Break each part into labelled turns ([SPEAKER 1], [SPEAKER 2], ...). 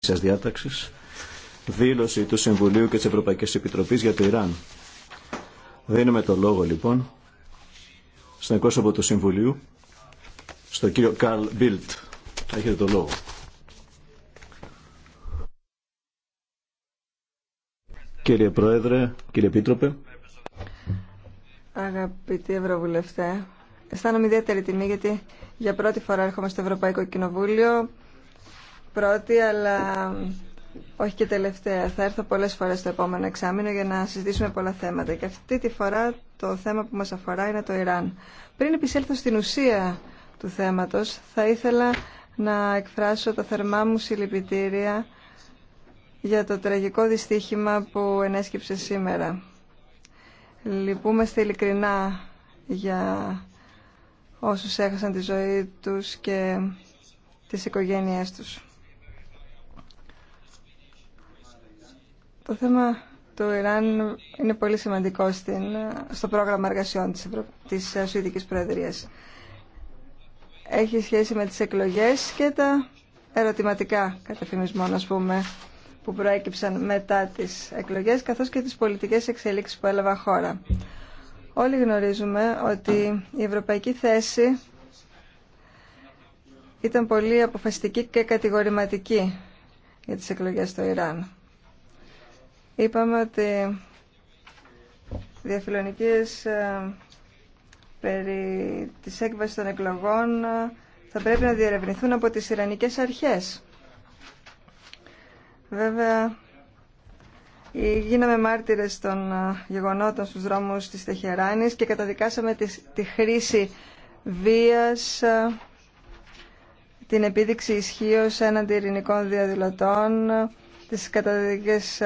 [SPEAKER 1] Τη διάταξη. δήλωση του Συμβουλίου και τη Ευρωπαϊκή Επιτροπή για το Ιράν. Δίνουμε το λόγο λοιπόν στον εκπρόσωπο του Συμβουλίου, στον κύριο Καρλ Μπίλτ. Έχετε το λόγο. Κύριε Πρόεδρε, κύριε Επίτροπε.
[SPEAKER 2] Αγαπητοί Ευρωβουλευτέ, αισθάνομαι ιδιαίτερη τιμή γιατί για πρώτη φορά έρχομαι στο Ευρωπαϊκό Κοινοβούλιο πρώτη, αλλά όχι και τελευταία. Θα έρθω πολλές φορές στο επόμενο εξάμεινο για να συζητήσουμε πολλά θέματα. Και αυτή τη φορά το θέμα που μας αφορά είναι το Ιράν. Πριν επισέλθω στην ουσία του θέματος, θα ήθελα να εκφράσω τα θερμά μου συλληπιτήρια για το τραγικό δυστύχημα που ενέσκυψε σήμερα. Λυπούμαστε ειλικρινά για όσους έχασαν τη ζωή τους και τις οικογένειές τους. Το θέμα του Ιράν είναι πολύ σημαντικό στην, στο πρόγραμμα εργασιών της, Ευρω... της Σουηδικής Προεδρίας. Έχει σχέση με τις εκλογές και τα ερωτηματικά καταφημισμών, ας πούμε, που προέκυψαν μετά τις εκλογές, καθώς και τις πολιτικές εξελίξεις που έλαβα χώρα. Όλοι γνωρίζουμε ότι η ευρωπαϊκή θέση ήταν πολύ αποφασιστική και κατηγορηματική για τις εκλογές στο Ιράν. Είπαμε ότι διαφιλονικές ε, περί της έκβασης των εκλογών ε, θα πρέπει να διερευνηθούν από τις Ιρανικές αρχές. Βέβαια, γίναμε μάρτυρες των ε, γεγονότων στους δρόμους της Τεχεράνης και καταδικάσαμε τη χρήση βίας, την επίδειξη ισχύω έναντι ειρηνικών διαδηλωτών, τις καταδίκες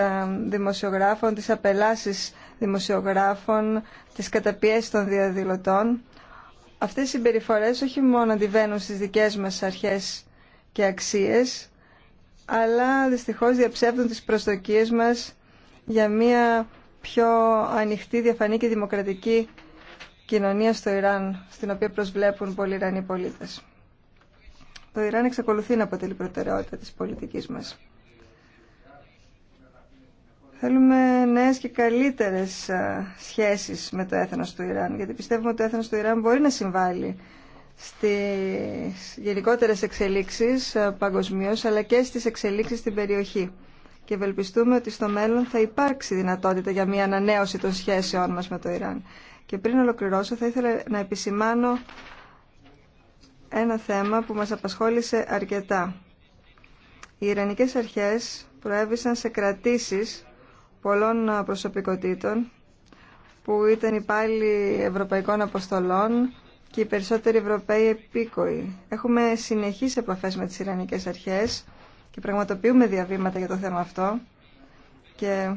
[SPEAKER 2] δημοσιογράφων, τις απελάσεις δημοσιογράφων, τις καταπιέσεις των διαδηλωτών. Αυτές οι συμπεριφορές όχι μόνο αντιβαίνουν στις δικές μας αρχές και αξίες, αλλά δυστυχώς διαψεύδουν τις προσδοκίες μας για μια πιο ανοιχτή, διαφανή και δημοκρατική κοινωνία στο Ιράν, στην οποία προσβλέπουν πολλοί Ιρανοί πολίτες. Το Ιράν εξακολουθεί να αποτελεί προτεραιότητα της πολιτικής μας. Θέλουμε νέες και καλύτερες σχέσεις με το έθνος του Ιράν, γιατί πιστεύουμε ότι το έθνος του Ιράν μπορεί να συμβάλλει στις γενικότερες εξελίξεις παγκοσμίω, αλλά και στις εξελίξεις στην περιοχή. Και ευελπιστούμε ότι στο μέλλον θα υπάρξει δυνατότητα για μια ανανέωση των σχέσεών μας με το Ιράν. Και πριν ολοκληρώσω θα ήθελα να επισημάνω ένα θέμα που μας απασχόλησε αρκετά. Οι Ιρανικές αρχές προέβησαν σε κρατήσεις πολλών ε, προσωπικότητων που ήταν υπάλληλοι ευρωπαϊκών αποστολών και οι περισσότεροι Ευρωπαίοι επίκοοι. Έχουμε συνεχείς επαφές με τις Ιρανικές αρχές και πραγματοποιούμε διαβήματα για το θέμα αυτό και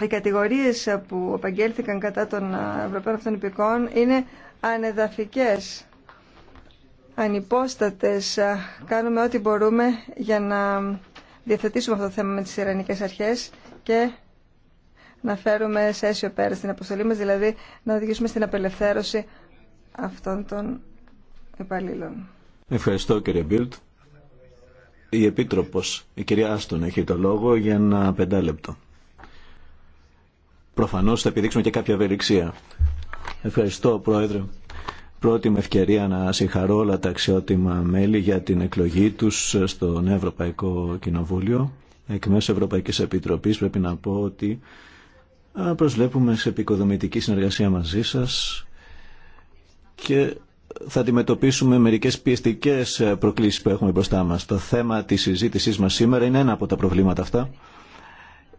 [SPEAKER 2] οι κατηγορίες ε, που απαγγέλθηκαν κατά των ε, Ευρωπαίων αυτών είναι ανεδαφικές, ανυπόστατες. Κάνουμε ό,τι μπορούμε για να διαθετήσουμε αυτό το θέμα με τις Ιρανικές αρχές και να φέρουμε σε αίσιο πέρα στην αποστολή μας, δηλαδή να οδηγήσουμε στην απελευθέρωση αυτών των υπαλλήλων.
[SPEAKER 1] Ευχαριστώ κύριε Μπίλτ. Η Επίτροπος, η κυρία Άστον, έχει το λόγο για ένα πεντάλεπτο. Προφανώς θα επιδείξουμε και κάποια ευελιξία. Ευχαριστώ Πρόεδρε. Πρώτη με ευκαιρία να συγχαρώ όλα τα αξιότιμα μέλη για την εκλογή τους στον Ευρωπαϊκό Κοινοβούλιο. Εκ μέσω Ευρωπαϊκής Επιτροπής πρέπει να πω ότι Προσβλέπουμε σε επικοδομητική συνεργασία μαζί σας και θα αντιμετωπίσουμε μερικές πιεστικές ε, προκλήσεις που έχουμε μπροστά μας. Το θέμα της συζήτησής μας σήμερα είναι ένα από τα προβλήματα αυτά.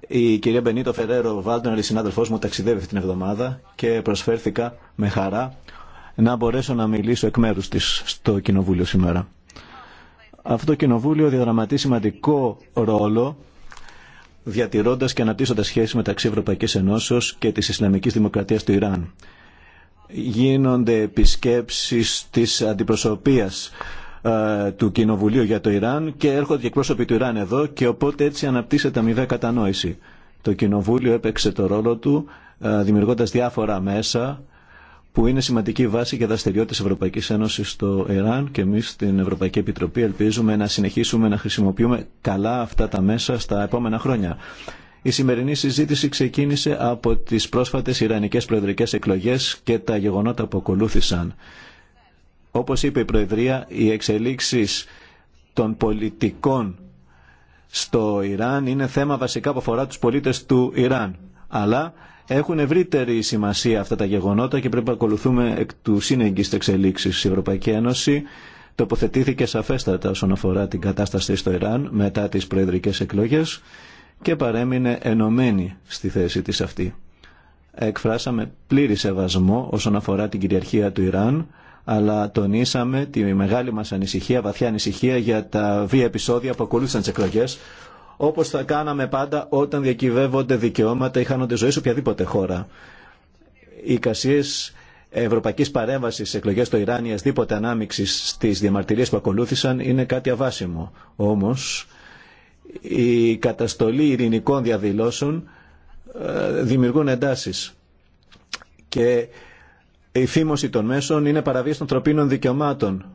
[SPEAKER 1] Η κυρία Μπενίτο Φεραίρο Βάλτον, η συνάδελφός μου, ταξιδεύει αυτή την εβδομάδα και προσφέρθηκα με χαρά να μπορέσω να μιλήσω εκ μέρους της στο Κοινοβούλιο σήμερα. Αυτό το Κοινοβούλιο διαδραματεί σημαντικό ρόλο διατηρώντας και αναπτύσσοντας σχέσεις μεταξύ Ευρωπαϊκής Ενώσεως και της Ισλαμικής Δημοκρατίας του Ιράν. Γίνονται επισκέψεις της αντιπροσωπείας ε, του Κοινοβουλίου για το Ιράν και έρχονται και εκπρόσωποι του Ιράν εδώ και οπότε έτσι αναπτύσσεται αμοιβαία κατανόηση. Το Κοινοβούλιο έπαιξε το ρόλο του δημιουργώντα ε, δημιουργώντας διάφορα μέσα που είναι σημαντική βάση για δραστηριότητε της Ευρωπαϊκής Ένωσης στο Ιράν και εμεί στην Ευρωπαϊκή Επιτροπή ελπίζουμε να συνεχίσουμε να χρησιμοποιούμε καλά αυτά τα μέσα στα επόμενα χρόνια. Η σημερινή συζήτηση ξεκίνησε από τις πρόσφατες Ιρανικές προεδρικές εκλογές και τα γεγονότα που ακολούθησαν. Όπως είπε η Προεδρία, οι εξελίξεις των πολιτικών στο Ιράν είναι θέμα βασικά που αφορά τους πολίτες του Ιράν. Αλλά έχουν ευρύτερη σημασία αυτά τα γεγονότα και πρέπει να ακολουθούμε εκ του σύνεγγυ τη εξελίξη. Η Ευρωπαϊκή Ένωση τοποθετήθηκε σαφέστατα όσον αφορά την κατάσταση στο Ιράν μετά τι προεδρικέ εκλογέ και παρέμεινε ενωμένη στη θέση της αυτή. Εκφράσαμε πλήρη σεβασμό όσον αφορά την κυριαρχία του Ιράν, αλλά τονίσαμε τη μεγάλη μας ανησυχία, βαθιά ανησυχία για τα βία επεισόδια που ακολούθησαν τις εκλογές, όπω θα κάναμε πάντα όταν διακυβεύονται δικαιώματα ή χάνονται ζωή σε οποιαδήποτε χώρα. Οι εικασίε ευρωπαϊκή παρέμβαση σε εκλογέ στο Ιράν ή ασδήποτε ανάμειξη στι διαμαρτυρίε που ακολούθησαν είναι κάτι αβάσιμο. Όμω, η καταστολή ειρηνικών διαδηλώσεων ε, δημιουργούν εντάσει. Και η φήμωση των μέσων είναι παραβίαση των ανθρωπίνων δικαιωμάτων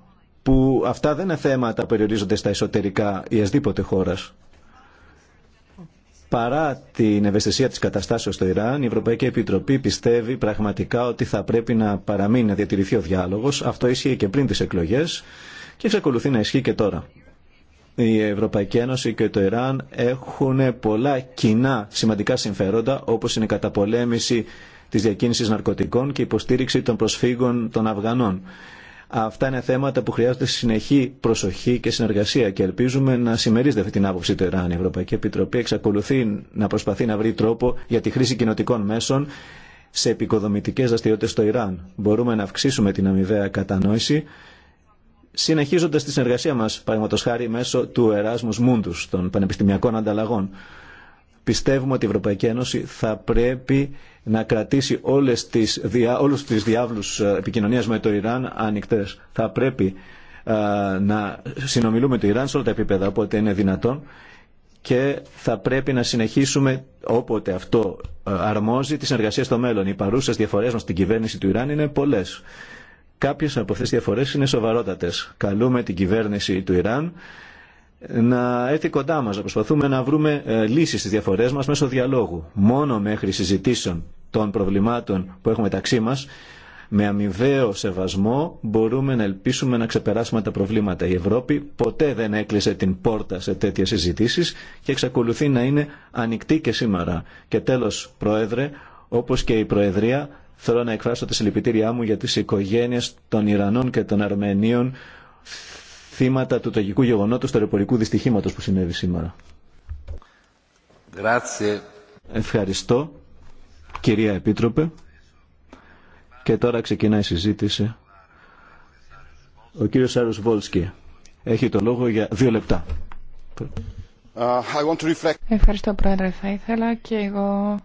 [SPEAKER 1] που αυτά δεν είναι θέματα που περιορίζονται στα εσωτερικά ή ασδήποτε χώρας. Παρά την ευαισθησία της καταστάσεω στο Ιράν, η Ευρωπαϊκή Επιτροπή πιστεύει πραγματικά ότι θα πρέπει να παραμείνει να διατηρηθεί ο διάλογος. Αυτό ίσχυε και πριν τις εκλογές και εξακολουθεί να ισχύει και τώρα. Η Ευρωπαϊκή Ένωση και το Ιράν έχουν πολλά κοινά σημαντικά συμφέροντα, όπως είναι η καταπολέμηση τη διακίνηση ναρκωτικών και η υποστήριξη των προσφύγων των Αφγανών. Αυτά είναι θέματα που χρειάζονται συνεχή προσοχή και συνεργασία και ελπίζουμε να συμμερίζεται αυτή την άποψη του Ιράν. Η Ευρωπαϊκή Επιτροπή εξακολουθεί να προσπαθεί να βρει τρόπο για τη χρήση κοινοτικών μέσων σε επικοδομητικές δραστηριότητε στο Ιράν. Μπορούμε να αυξήσουμε την αμοιβαία κατανόηση συνεχίζοντας τη συνεργασία μας, παραδείγματος χάρη μέσω του Erasmus Mundus, των πανεπιστημιακών ανταλλαγών. Πιστεύουμε ότι η Ευρωπαϊκή Ένωση θα πρέπει να κρατήσει όλες τις, διά, όλους τις διάβλους ε, επικοινωνίας με το Ιράν ανοιχτέ. Θα πρέπει ε, να συνομιλούμε το Ιράν σε όλα τα επίπεδα όποτε είναι δυνατόν και θα πρέπει να συνεχίσουμε όποτε αυτό ε, αρμόζει τη συνεργασία στο μέλλον. Οι παρούσες διαφορές μας στην κυβέρνηση του Ιράν είναι πολλές. Κάποιες από αυτές τις διαφορές είναι σοβαρότατες. Καλούμε την κυβέρνηση του Ιράν να έρθει κοντά μας, να προσπαθούμε να βρούμε ε, λύσεις στις διαφορές μας μέσω διαλόγου. Μόνο μέχρι συζητήσεων των προβλημάτων που έχουμε μεταξύ μας, με αμοιβαίο σεβασμό μπορούμε να ελπίσουμε να ξεπεράσουμε τα προβλήματα. Η Ευρώπη ποτέ δεν έκλεισε την πόρτα σε τέτοιες συζητήσεις και εξακολουθεί να είναι ανοιχτή και σήμερα. Και τέλος, Πρόεδρε, όπως και η Προεδρία, θέλω να εκφράσω τη συλληπιτήριά μου για τις οικογένειες των Ιρανών και των Αρμενίων θύματα του τραγικού γεγονότος του αεροπορικού δυστυχήματος που συνέβη σήμερα.
[SPEAKER 3] Grazie.
[SPEAKER 1] Ευχαριστώ, κυρία Επίτροπε. Και τώρα ξεκινάει η συζήτηση. Ο κύριος Σάρος Βόλσκι έχει το λόγο για δύο λεπτά.
[SPEAKER 3] Uh,
[SPEAKER 4] Ευχαριστώ, Πρόεδρε. Θα ήθελα και εγώ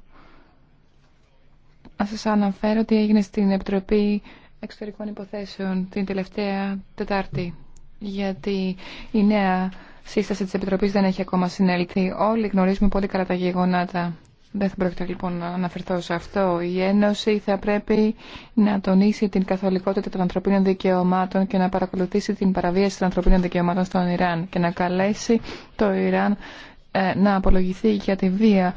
[SPEAKER 4] να σα αναφέρω ότι έγινε στην Επιτροπή Εξωτερικών Υποθέσεων την τελευταία Τετάρτη γιατί η νέα σύσταση της Επιτροπής δεν έχει ακόμα συνέλθει. Όλοι γνωρίζουμε πολύ καλά τα γεγονάτα. Δεν θα πρόκειται λοιπόν να αναφερθώ σε αυτό. Η Ένωση θα πρέπει να τονίσει την καθολικότητα των ανθρωπίνων δικαιωμάτων και να παρακολουθήσει την παραβίαση των ανθρωπίνων δικαιωμάτων στον Ιράν και να καλέσει το Ιράν ε, να απολογηθεί για τη βία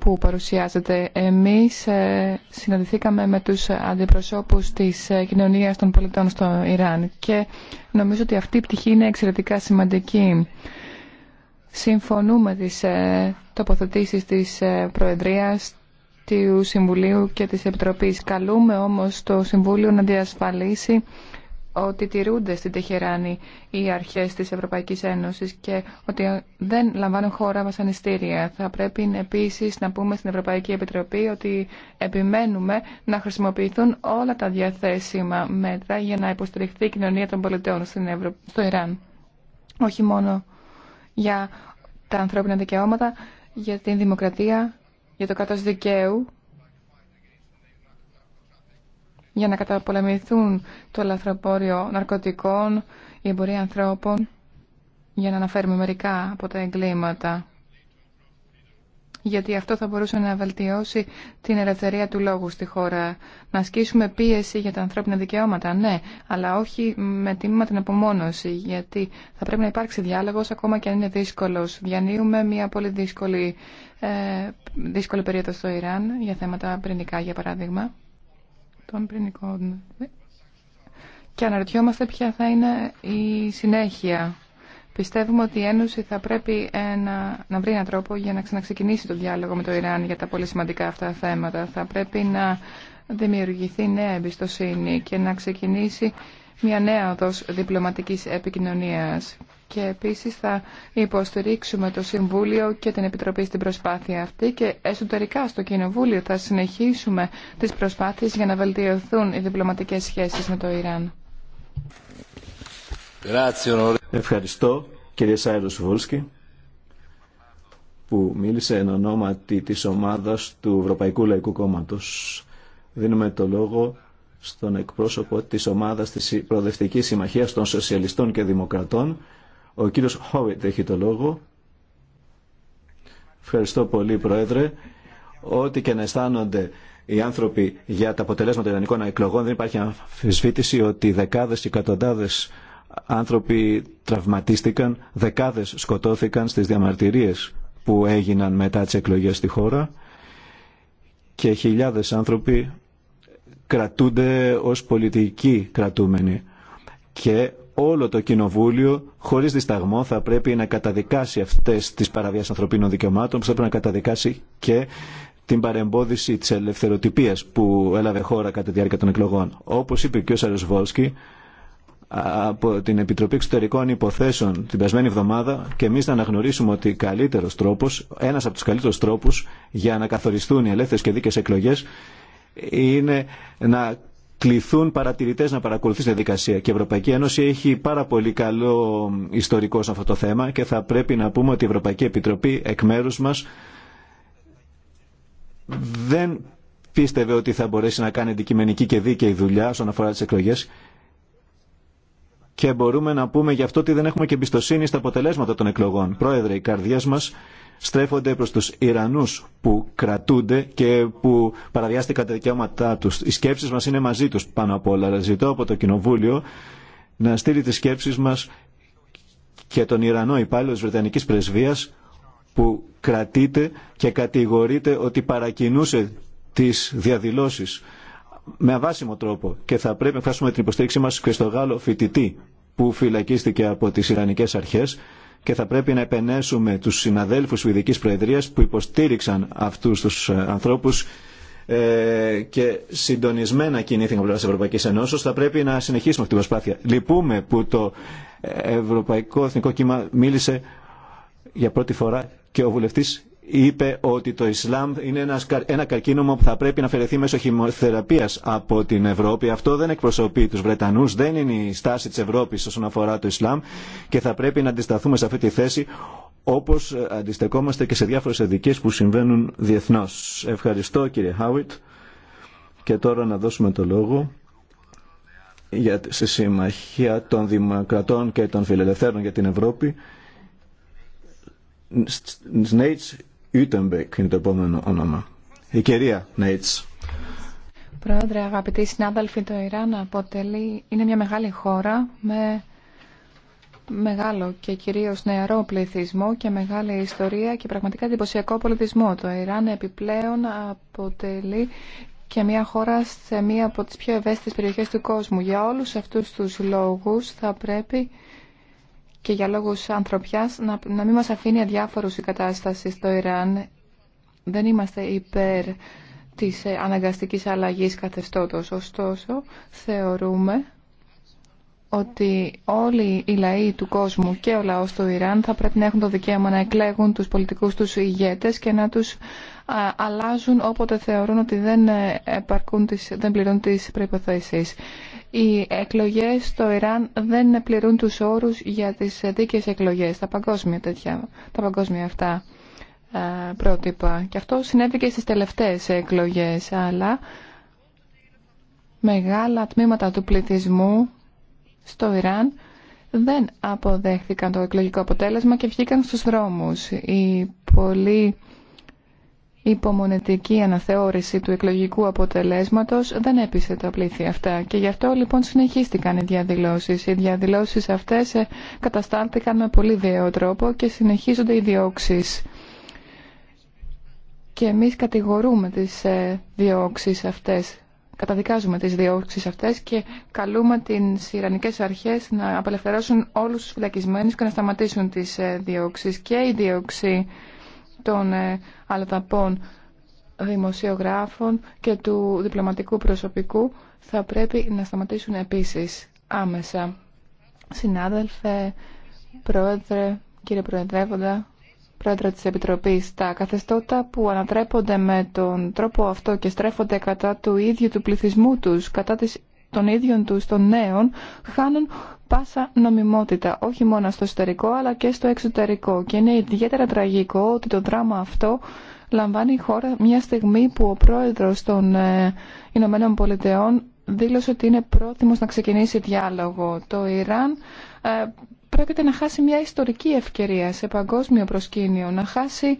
[SPEAKER 4] που παρουσιάζεται. Εμείς ε, συναντηθήκαμε με τους αντιπροσώπους της ε, κοινωνίας των πολιτών στο Ιράν και νομίζω ότι αυτή η πτυχή είναι εξαιρετικά σημαντική. Συμφωνούμε τις ε, τοποθετήσεις της Προεδρίας του Συμβουλίου και της Επιτροπής. Καλούμε όμως το Συμβούλιο να διασφαλίσει ότι τηρούνται στην Τεχεράνη οι αρχές της Ευρωπαϊκής Ένωσης και ότι δεν λαμβάνουν χώρα βασανιστήρια. Θα πρέπει επίσης να πούμε στην Ευρωπαϊκή Επιτροπή ότι επιμένουμε να χρησιμοποιηθούν όλα τα διαθέσιμα μέτρα για να υποστηριχθεί η κοινωνία των πολιτών στην στο Ιράν. Όχι μόνο για τα ανθρώπινα δικαιώματα, για την δημοκρατία, για το κράτος δικαίου για να καταπολεμηθούν το λαθροπόριο ναρκωτικών, η εμπορία ανθρώπων, για να αναφέρουμε μερικά από τα εγκλήματα. Γιατί αυτό θα μπορούσε να βελτιώσει την ελευθερία του λόγου στη χώρα. Να ασκήσουμε πίεση για τα ανθρώπινα δικαιώματα, ναι, αλλά όχι με τίμημα την απομόνωση, γιατί θα πρέπει να υπάρξει διάλογος ακόμα και αν είναι δύσκολος. Διανύουμε μια πολύ δύσκολη, ε, δύσκολη περίοδο στο Ιράν για θέματα πρινικά, για παράδειγμα των Και αναρωτιόμαστε ποια θα είναι η συνέχεια. Πιστεύουμε ότι η Ένωση θα πρέπει να βρει έναν τρόπο για να ξαναξεκινήσει το διάλογο με το Ιράν για τα πολύ σημαντικά αυτά θέματα. Θα πρέπει να δημιουργηθεί νέα εμπιστοσύνη και να ξεκινήσει μια νέα οδός διπλωματικής επικοινωνίας και επίσης θα υποστηρίξουμε το Συμβούλιο και την Επιτροπή στην προσπάθεια αυτή και εσωτερικά στο Κοινοβούλιο θα συνεχίσουμε τις προσπάθειες για να βελτιωθούν οι διπλωματικές σχέσεις με το Ιράν.
[SPEAKER 1] Ευχαριστώ κύριε Σάιρο Βούλσκι που μίλησε εν ονόματι της ομάδας του Ευρωπαϊκού Λαϊκού Κόμματος. Δίνουμε το λόγο στον εκπρόσωπο της ομάδας της Προοδευτικής Συμμαχίας των Σοσιαλιστών και Δημοκρατών ο κύριος Χόβιτ έχει το λόγο. Ευχαριστώ πολύ, Πρόεδρε. Ό,τι και να αισθάνονται οι άνθρωποι για τα αποτελέσματα των ελληνικών εκλογών, δεν υπάρχει αμφισβήτηση ότι δεκάδες και εκατοντάδες άνθρωποι τραυματίστηκαν, δεκάδες σκοτώθηκαν στις διαμαρτυρίες που έγιναν μετά τις εκλογές στη χώρα και χιλιάδες άνθρωποι κρατούνται ως πολιτικοί κρατούμενοι. Και όλο το Κοινοβούλιο χωρί δισταγμό θα πρέπει να καταδικάσει αυτές τις παραβιάσεις ανθρωπίνων δικαιωμάτων που θα πρέπει να καταδικάσει και την παρεμπόδιση τη ελευθεροτυπίας που έλαβε χώρα κατά τη διάρκεια των εκλογών. Όπω είπε και ο Σαροσβόλσκι, από την Επιτροπή Εξωτερικών Υποθέσεων την περασμένη εβδομάδα και εμεί να αναγνωρίσουμε ότι καλύτερος τρόπος, ένας από τους καλύτερους τρόπους για να καθοριστούν οι ελεύθερες και δίκαιες εκλογές είναι να κληθούν παρατηρητέ να παρακολουθήσουν τη διαδικασία. Και η Ευρωπαϊκή Ένωση έχει πάρα πολύ καλό ιστορικό σε αυτό το θέμα και θα πρέπει να πούμε ότι η Ευρωπαϊκή Επιτροπή εκ μέρου μα δεν πίστευε ότι θα μπορέσει να κάνει αντικειμενική και δίκαιη δουλειά όσον αφορά τι εκλογέ. Και μπορούμε να πούμε γι' αυτό ότι δεν έχουμε και εμπιστοσύνη στα αποτελέσματα των εκλογών. Πρόεδρε, η καρδιά μα στρέφονται προς τους Ιρανούς που κρατούνται και που παραδιάστηκαν τα δικαιώματά τους. Οι σκέψεις μας είναι μαζί τους πάνω απ' όλα. Ζητώ από το Κοινοβούλιο να στείλει τις σκέψεις μας και τον Ιρανό υπάλληλο της Βρετανικής Πρεσβείας που κρατείται και κατηγορείται ότι παρακινούσε τις διαδηλώσεις με αβάσιμο τρόπο και θα πρέπει να φτάσουμε την υποστήριξή μας και στο Γάλλο φοιτητή που φυλακίστηκε από τις Ιρανικές αρχές και θα πρέπει να επενέσουμε τους συναδέλφους Σουηδικής Προεδρίας που υποστήριξαν αυτούς τους ε, ανθρώπους ε, και συντονισμένα κινήθηκαν από την τη Ευρωπαϊκή Ενώση, θα πρέπει να συνεχίσουμε αυτή την προσπάθεια. Λυπούμε που το Ευρωπαϊκό Εθνικό Κύμα μίλησε για πρώτη φορά και ο βουλευτής είπε ότι το Ισλάμ είναι ένα, ένα καρκίνωμα που θα πρέπει να αφαιρεθεί μέσω χημοθεραπείας από την Ευρώπη. Αυτό δεν εκπροσωπεί τους Βρετανούς, δεν είναι η στάση της Ευρώπης όσον αφορά το Ισλάμ και θα πρέπει να αντισταθούμε σε αυτή τη θέση όπως ε, αντιστεκόμαστε και σε διάφορες ειδικέ που συμβαίνουν διεθνώς. Ευχαριστώ κύριε Χάουιτ και τώρα να δώσουμε το λόγο για τη συμμαχία των Δημοκρατών και των Φιλελευθέρων για την Ευρώπη Σνέιτς Ούτεμπεκ είναι το επόμενο όνομα. Η κυρία Νέιτς.
[SPEAKER 4] Πρόεδρε, αγαπητοί συνάδελφοι, το Ιράν αποτελεί, είναι μια μεγάλη χώρα με μεγάλο και κυρίως νεαρό πληθυσμό και μεγάλη ιστορία και πραγματικά εντυπωσιακό πολιτισμό. Το Ιράν επιπλέον αποτελεί και μια χώρα σε μία από τις πιο ευαίσθητες περιοχές του κόσμου. Για όλους αυτούς τους λόγους θα πρέπει και για λόγους ανθρωπιάς να, να μην μας αφήνει αδιάφορους η κατάσταση στο Ιράν. Δεν είμαστε υπέρ της ε, αναγκαστικής αλλαγής καθεστώτος. Ωστόσο, θεωρούμε ότι όλοι οι λαοί του κόσμου και ο λαός του Ιράν θα πρέπει να έχουν το δικαίωμα να εκλέγουν τους πολιτικούς τους ηγέτες και να τους αλλάζουν όποτε θεωρούν ότι δεν, ε, επαρκούν τις, δεν πληρούν τις προϋποθέσεις οι εκλογές στο Ιράν δεν πληρούν τους όρους για τις δίκαιες εκλογές, τα παγκόσμια, τέτοια, τα παγκόσμια αυτά ε, πρότυπα. Και αυτό συνέβη και στις τελευταίες εκλογές, αλλά μεγάλα τμήματα του πληθυσμού στο Ιράν δεν αποδέχθηκαν το εκλογικό αποτέλεσμα και βγήκαν στους δρόμους. Οι πολλοί υπομονετική αναθεώρηση του εκλογικού αποτελέσματος δεν έπεισε τα πλήθη αυτά και γι' αυτό λοιπόν συνεχίστηκαν οι διαδηλώσεις. Οι διαδηλώσεις αυτές ε, καταστάθηκαν με πολύ βιαίο τρόπο και συνεχίζονται οι διώξεις. Και εμείς κατηγορούμε τις ε, διώξεις αυτές, καταδικάζουμε τις διώξεις αυτές και καλούμε τις Ιρανικές αρχές να απελευθερώσουν όλους τους φυλακισμένους και να σταματήσουν τις ε, διώξεις και η δίωξη των ε, αλλαταπών δημοσιογράφων και του διπλωματικού προσωπικού θα πρέπει να σταματήσουν επίσης άμεσα. Συνάδελφε, πρόεδρε, κύριε Προεδρεύοντα, πρόεδρε της Επιτροπής, τα καθεστώτα που ανατρέπονται με τον τρόπο αυτό και στρέφονται κατά του ίδιου του πληθυσμού τους, κατά της, των ίδιων τους των νέων, χάνουν πάσα νομιμότητα, όχι μόνο στο εσωτερικό αλλά και στο εξωτερικό. Και είναι ιδιαίτερα τραγικό ότι το δράμα αυτό λαμβάνει η χώρα μια στιγμή που ο πρόεδρος των ε, Ηνωμένων Πολιτειών δήλωσε ότι είναι πρόθυμος να ξεκινήσει διάλογο. Το Ιράν ε, πρόκειται να χάσει μια ιστορική ευκαιρία σε παγκόσμιο προσκήνιο, να χάσει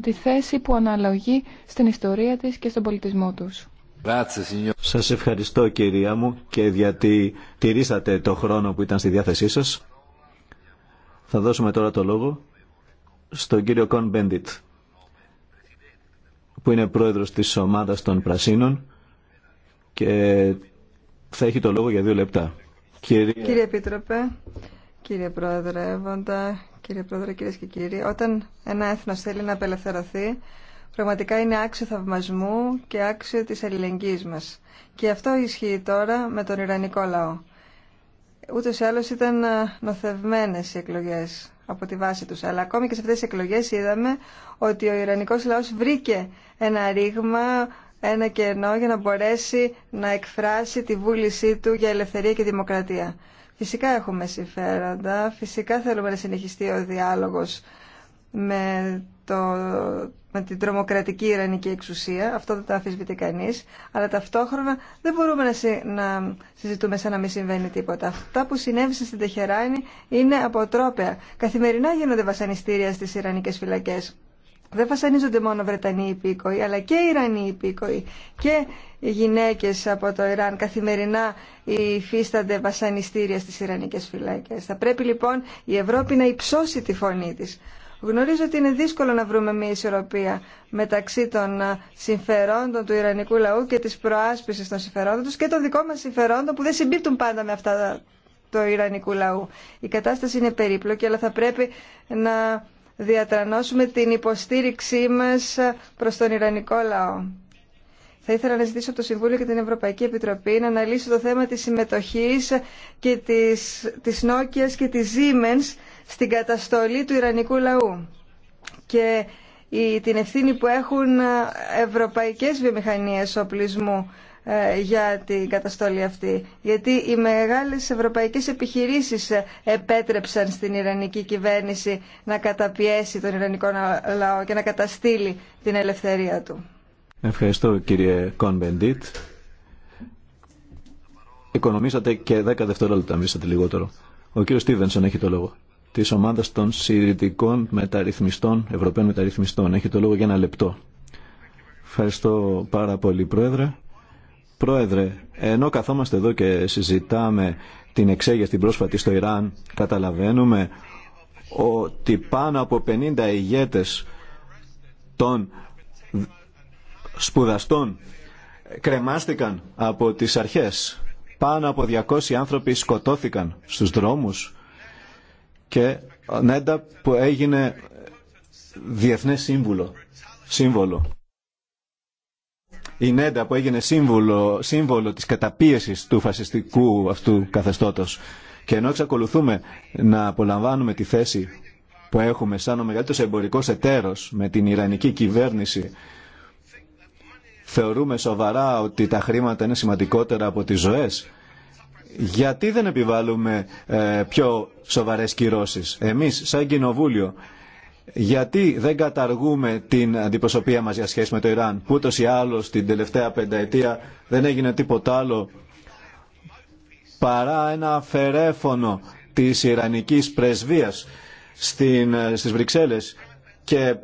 [SPEAKER 4] τη θέση που αναλογεί στην ιστορία της και στον πολιτισμό τους.
[SPEAKER 1] Σας ευχαριστώ κυρία μου και γιατί τηρήσατε το χρόνο που ήταν στη διάθεσή σας. Θα δώσουμε τώρα το λόγο στον κύριο Κον Μπέντιτ που είναι πρόεδρος της ομάδας των Πρασίνων και θα έχει το λόγο για δύο λεπτά. Κύριε,
[SPEAKER 2] Επίτροπε, κύριε Πρόεδρε εύοντα, κύριε Πρόεδρε, κυρίες και κύριοι, όταν ένα έθνος θέλει να απελευθερωθεί πραγματικά είναι άξιο θαυμασμού και άξιο της αλληλεγγύης μας. Και αυτό ισχύει τώρα με τον Ιρανικό λαό. Ούτως ή άλλως ήταν ε, νοθευμένες οι εκλογές από τη βάση τους. Αλλά ακόμη και σε αυτές τις εκλογές είδαμε ότι ο Ιρανικός λαός βρήκε ένα ρήγμα, ένα κενό για να μπορέσει να εκφράσει τη βούλησή του για ελευθερία και δημοκρατία. Φυσικά έχουμε συμφέροντα, φυσικά θέλουμε να συνεχιστεί ο διάλογος με το, με την τρομοκρατική ιρανική εξουσία, αυτό δεν το αφισβητεί κανεί, αλλά ταυτόχρονα δεν μπορούμε να, συ, συζητούμε σαν να μην συμβαίνει τίποτα. Αυτά που συνέβησαν στην Τεχεράνη είναι αποτρόπαια. Καθημερινά γίνονται βασανιστήρια στις Ιρανικές φυλακές. Δεν βασανίζονται μόνο Βρετανοί υπήκοοι, αλλά και Ιρανοί υπήκοοι και οι γυναίκες από το Ιράν καθημερινά υφίστανται βασανιστήρια στις Ιρανικές φυλακές. Θα πρέπει λοιπόν η Ευρώπη να υψώσει τη φωνή της. Γνωρίζω ότι είναι δύσκολο να βρούμε μια ισορροπία μεταξύ των ε, συμφερόντων του Ιρανικού λαού και τη πρόάσπιση των συμφερόντων του και των δικών μας συμφερόντων που δεν συμπίπτουν πάντα με αυτά του Ιρανικού λαού. Η κατάσταση είναι περίπλοκη, αλλά θα πρέπει να διατρανώσουμε την υποστήριξή μας προς τον Ιρανικό λαό. Θα ήθελα να ζητήσω από το Συμβούλιο και την Ευρωπαϊκή Επιτροπή να αναλύσω το θέμα της συμμετοχής και της, της και της Siemens στην καταστολή του Ιρανικού λαού και την ευθύνη που έχουν ε, ευρωπαϊκές βιομηχανίες οπλισμού ε, για την καταστολή αυτή. Γιατί οι μεγάλες ευρωπαϊκές επιχειρήσεις ε, επέτρεψαν στην Ιρανική κυβέρνηση να καταπιέσει τον Ιρανικό λαό και να καταστήλει την ελευθερία του.
[SPEAKER 1] Ευχαριστώ κύριε Κονμπεντίτ. Οικονομήσατε και 10 δευτερόλεπτα, μίσατε λιγότερο. Ο κύριος Στίβενσον έχει το λόγο. Τη ομάδα των συντηρητικών μεταρρυθμιστών, Ευρωπαίων μεταρρυθμιστών. Έχει το λόγο για ένα λεπτό. Ευχαριστώ πάρα πολύ, Πρόεδρε. Πρόεδρε, ενώ καθόμαστε εδώ και συζητάμε την εξέγερση την πρόσφατη στο Ιράν, καταλαβαίνουμε ότι πάνω από 50 ηγέτες των σπουδαστών κρεμάστηκαν από τις αρχές. Πάνω από 200 άνθρωποι σκοτώθηκαν στους δρόμους και ΝΕΝΤΑ που έγινε διεθνές σύμβουλο, σύμβολο. Η ΝΕΝΤΑ που έγινε σύμβολο, σύμβολο της καταπίεσης του φασιστικού αυτού καθεστώτος. Και ενώ εξακολουθούμε να απολαμβάνουμε τη θέση που έχουμε σαν ο μεγαλύτερος εμπορικός εταίρος με την Ιρανική κυβέρνηση θεωρούμε σοβαρά ότι τα χρήματα είναι σημαντικότερα από τις ζωές γιατί δεν επιβάλλουμε ε, πιο σοβαρές κυρώσεις. Εμείς, σαν κοινοβούλιο, γιατί δεν καταργούμε την αντιπροσωπεία μας για σχέση με το Ιράν, που ούτως ή άλλως την τελευταία πενταετία δεν έγινε τίποτα άλλο παρά ένα αφαιρέφωνο της Ιρανικής πρεσβείας στην, ε, στις Βρυξέλλες και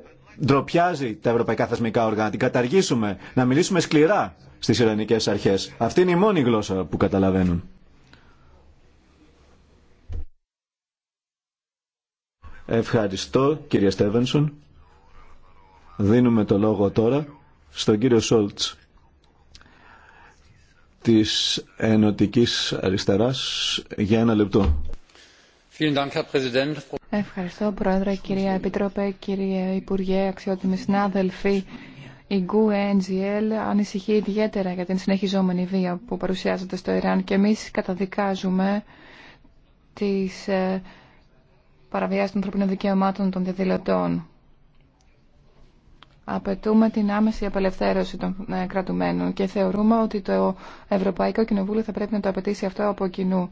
[SPEAKER 1] ντροπιάζει τα ευρωπαϊκά θεσμικά οργάνα. Την καταργήσουμε, να μιλήσουμε σκληρά στις Ιρανικές αρχές. Αυτή είναι η μόνη γλώσσα που καταλαβαίνουν. Ευχαριστώ κύριε Στέβενσον. Δίνουμε το λόγο τώρα στον κύριο Σόλτς της Ενωτικής Αριστεράς για ένα λεπτό.
[SPEAKER 4] Ευχαριστώ Πρόεδρε, κυρία Επίτροπε, κύριε Υπουργέ, αξιότιμοι συνάδελφοι. Η γκουε NGL ανησυχεί ιδιαίτερα για την συνεχιζόμενη βία που παρουσιάζεται στο Ιράν και εμείς καταδικάζουμε τις ε, παραβιάσει των ανθρωπίνων δικαιωμάτων των διαδηλωτών. Απαιτούμε την άμεση απελευθέρωση των ε, κρατουμένων και θεωρούμε ότι το Ευρωπαϊκό Κοινοβούλιο θα πρέπει να το απαιτήσει αυτό από κοινού.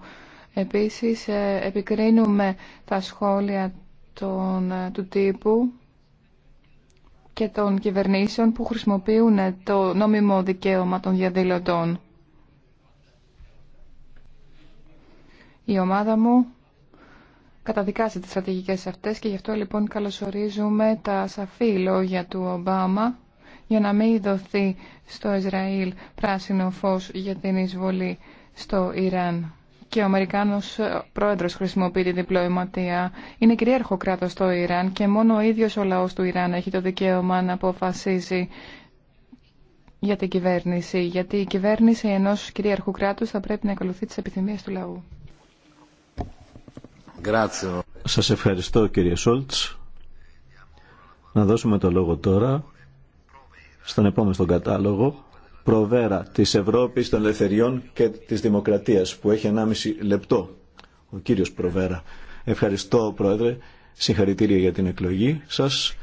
[SPEAKER 4] Επίσης, ε, επικρίνουμε τα σχόλια ε, του τύπου και των κυβερνήσεων που χρησιμοποιούν το νόμιμο δικαίωμα των διαδηλωτών. Η ομάδα μου καταδικάσει τις στρατηγικές αυτές και γι' αυτό λοιπόν καλωσορίζουμε τα σαφή λόγια του Ομπάμα για να μην δοθεί στο Ισραήλ πράσινο φως για την εισβολή στο Ιράν. Και ο Αμερικάνος ε, πρόεδρος χρησιμοποιεί τη διπλωματία. Είναι κυρίαρχο κράτος το Ιράν και μόνο ο ίδιος ο λαός του Ιράν έχει το δικαίωμα να αποφασίζει για την κυβέρνηση. Γιατί η κυβέρνηση ενός κυρίαρχου κράτους θα πρέπει να ακολουθεί τις επιθυμίες του λαού.
[SPEAKER 1] Σας ευχαριστώ κύριε Σόλτς. Να δώσουμε το λόγο τώρα στον επόμενο στον κατάλογο προβέρα της Ευρώπης των Ελευθεριών και της Δημοκρατίας που έχει 1,5 λεπτό ο κύριος Προβέρα. Ευχαριστώ Πρόεδρε, συγχαρητήρια για την εκλογή σας.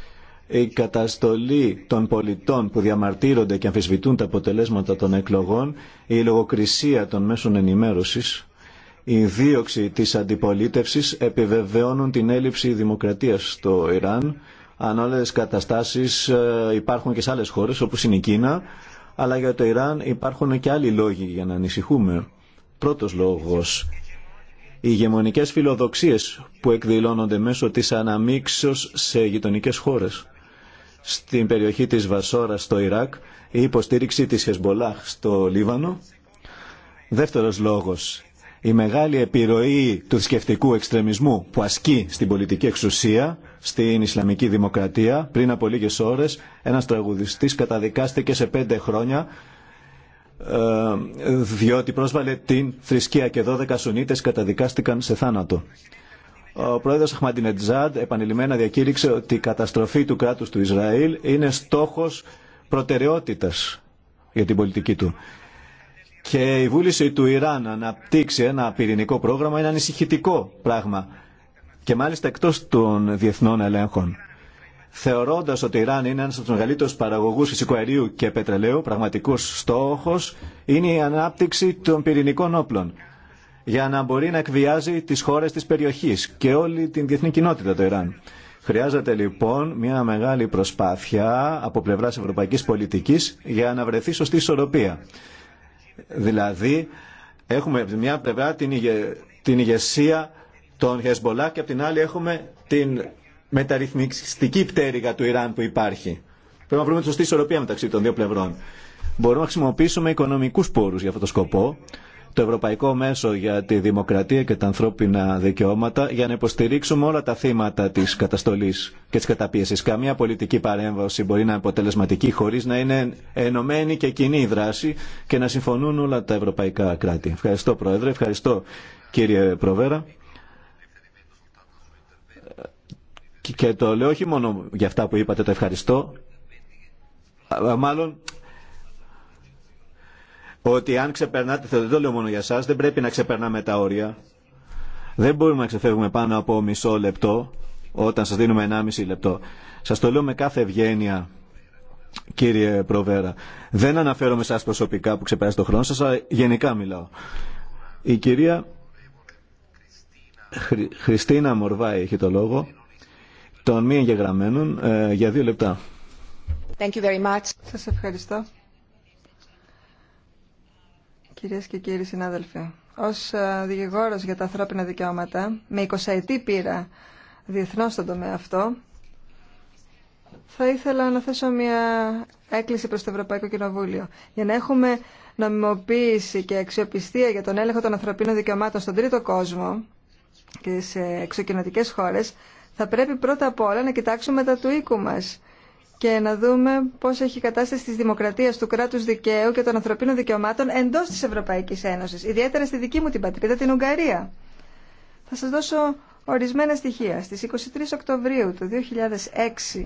[SPEAKER 1] Η καταστολή των πολιτών που διαμαρτύρονται και αμφισβητούν τα αποτελέσματα των εκλογών, η λογοκρισία των μέσων ενημέρωσης η δίωξη της αντιπολίτευσης επιβεβαιώνουν την έλλειψη δημοκρατίας στο Ιράν. Αν όλες καταστάσεις ε, υπάρχουν και σε άλλες χώρες όπως είναι η Κίνα, αλλά για το Ιράν υπάρχουν και άλλοι λόγοι για να ανησυχούμε. Πρώτος λόγος, οι γεμονικές φιλοδοξίες που εκδηλώνονται μέσω της αναμίξεως σε γειτονικέ χώρες. Στην περιοχή της Βασόρα στο Ιράκ, η υποστήριξη της Χεσμπολάχ στο Λίβανο. Δεύτερος λόγος, η μεγάλη επιρροή του θρησκευτικού εξτρεμισμού που ασκεί στην πολιτική εξουσία, στην Ισλαμική Δημοκρατία. Πριν από λίγε ώρες ένα τραγουδιστή καταδικάστηκε σε πέντε χρόνια ε, διότι πρόσβαλε την θρησκεία και 12 Σουνίτες καταδικάστηκαν σε θάνατο. Ο πρόεδρος Αχμαντινετζάντ επανειλημμένα διακήρυξε ότι η καταστροφή του κράτους του Ισραήλ είναι στόχος προτεραιότητας για την πολιτική του. Και η βούληση του Ιράν να αναπτύξει ένα πυρηνικό πρόγραμμα είναι ανησυχητικό πράγμα. Και μάλιστα εκτό των διεθνών ελέγχων. Θεωρώντας ότι η Ιράν είναι ένα από του μεγαλύτερου παραγωγού φυσικού και πετρελαίου, πραγματικό στόχο, είναι η ανάπτυξη των πυρηνικών όπλων για να μπορεί να εκβιάζει τι χώρε τη περιοχή και όλη την διεθνή κοινότητα το Ιράν. Χρειάζεται λοιπόν μια μεγάλη προσπάθεια από πλευρά ευρωπαϊκή πολιτική για να βρεθεί σωστή ισορροπία. Δηλαδή, έχουμε από τη μια πλευρά την, ηγεσία των Χεσμολά και από την άλλη έχουμε την μεταρρυθμιστική πτέρυγα του Ιράν που υπάρχει. Πρέπει να βρούμε τη σωστή ισορροπία μεταξύ των δύο πλευρών. Μπορούμε να χρησιμοποιήσουμε οικονομικού πόρου για αυτόν τον σκοπό το Ευρωπαϊκό Μέσο για τη Δημοκρατία και τα Ανθρώπινα Δικαιώματα για να υποστηρίξουμε όλα τα θύματα τη καταστολή και τη καταπίεση. Καμία πολιτική παρέμβαση μπορεί να είναι αποτελεσματική χωρί να είναι ενωμένη και κοινή η δράση και να συμφωνούν όλα τα ευρωπαϊκά κράτη. Ευχαριστώ, Πρόεδρε. Ευχαριστώ, κύριε Προβέρα. Και το λέω όχι μόνο για αυτά που είπατε, το ευχαριστώ. Μάλλον ότι αν ξεπερνάτε, δεν το λέω μόνο για σας, δεν πρέπει να ξεπερνάμε τα όρια. Δεν μπορούμε να ξεφεύγουμε πάνω από μισό λεπτό όταν σας δίνουμε ένα μισή λεπτό. Σας το λέω με κάθε ευγένεια, κύριε Προβέρα. Δεν αναφέρομαι σας προσωπικά που ξεπεράσετε το χρόνο σας, αλλά γενικά μιλάω. Η κυρία Χριστίνα Μορβάη έχει το λόγο, των μη εγγεγραμμένων, ε, για δύο λεπτά.
[SPEAKER 2] Thank Σας ευχαριστώ. Κυρίες και κύριοι συνάδελφοι, ως ε, δικηγόρος για τα ανθρώπινα δικαιώματα, με 20 ετή πείρα διεθνώς στον τομέα αυτό, θα ήθελα να θέσω μια έκκληση προς το Ευρωπαϊκό Κοινοβούλιο. Για να έχουμε νομιμοποίηση και αξιοπιστία για τον έλεγχο των ανθρωπίνων δικαιωμάτων στον τρίτο κόσμο και σε εξωκοινωτικέ χώρες, θα πρέπει πρώτα απ' όλα να κοιτάξουμε τα του οίκου μας και να δούμε πώς έχει η κατάσταση τη δημοκρατία, του κράτους δικαίου και των ανθρωπίνων δικαιωμάτων εντός της Ευρωπαϊκής Ένωσης, ιδιαίτερα στη δική μου την πατρίδα, την Ουγγαρία. Θα σας δώσω ορισμένα στοιχεία. Στις 23 Οκτωβρίου του 2006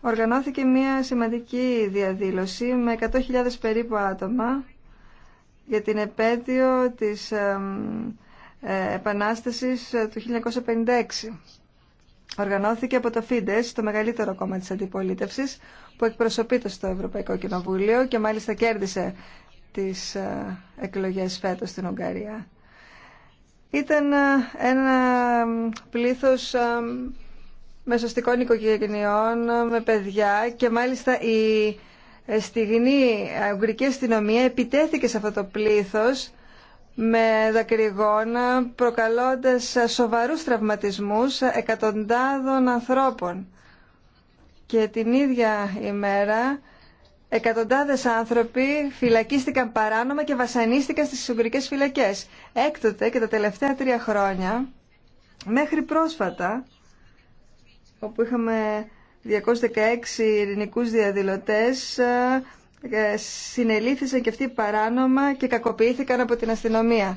[SPEAKER 2] οργανώθηκε μια σημαντική διαδήλωση με 100.000 περίπου άτομα για την επέτειο της ε, επανάστασης ε, του 1956 οργανώθηκε από το ΦΙΝΤΕΣ, το μεγαλύτερο κόμμα της αντιπολίτευσης, που εκπροσωπείται στο Ευρωπαϊκό Κοινοβούλιο και μάλιστα κέρδισε τις ε, εκλογές φέτος στην Ουγγαρία. Ήταν ε, ένα πλήθος ε, μεσοστικών οικογενειών με παιδιά και μάλιστα η η ουγγρική αστυνομία επιτέθηκε σε αυτό το πλήθος με δακρυγόνα προκαλώντας σοβαρούς τραυματισμούς εκατοντάδων ανθρώπων. Και την ίδια ημέρα εκατοντάδες άνθρωποι φυλακίστηκαν παράνομα και βασανίστηκαν στις ουγγρικές φυλακές. Έκτοτε και τα τελευταία τρία χρόνια, μέχρι πρόσφατα, όπου είχαμε 216 ειρηνικούς διαδηλωτές ε, συνελήφθησαν και αυτοί παράνομα και κακοποιήθηκαν από την αστυνομία.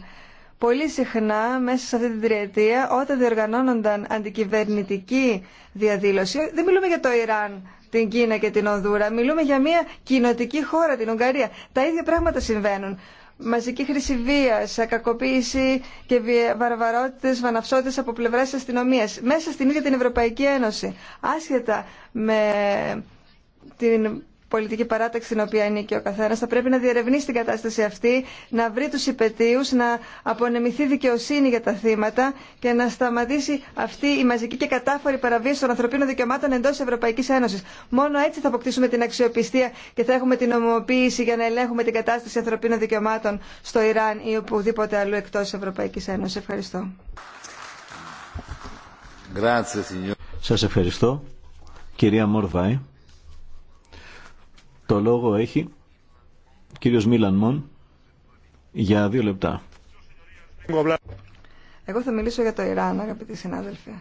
[SPEAKER 2] Πολύ συχνά μέσα σε αυτή την τριετία όταν διοργανώνονταν αντικυβερνητική διαδήλωση, δεν μιλούμε για το Ιράν, την Κίνα και την Ονδούρα, μιλούμε για μια κοινοτική χώρα, την Ουγγαρία. Τα ίδια πράγματα συμβαίνουν. Μαζική χρήση βία, κακοποίηση και βαρβαρότητε, βαναυσότητε από πλευρά αστυνομία μέσα στην ίδια την Ευρωπαϊκή Ένωση. Άσχετα με την πολιτική παράταξη στην οποία ανήκει ο καθένα. Θα πρέπει να διερευνήσει την κατάσταση αυτή, να βρει του υπετίου, να απονεμηθεί δικαιοσύνη για τα θύματα και να σταματήσει αυτή η μαζική και κατάφορη παραβίαση των ανθρωπίνων δικαιωμάτων εντός Ευρωπαϊκή Ένωση. Μόνο έτσι θα αποκτήσουμε την αξιοπιστία και θα έχουμε την ομοποίηση για να ελέγχουμε την κατάσταση ανθρωπίνων δικαιωμάτων στο Ιράν ή οπουδήποτε αλλού εκτό Ευρωπαϊκή Ένωση. Ευχαριστώ.
[SPEAKER 1] Σας ευχαριστώ. Κυρία Μόρβαη. Το λόγο έχει ο κύριος Μίλαν Μον για δύο λεπτά.
[SPEAKER 2] Εγώ θα μιλήσω για το Ιράν, αγαπητοί συνάδελφοι.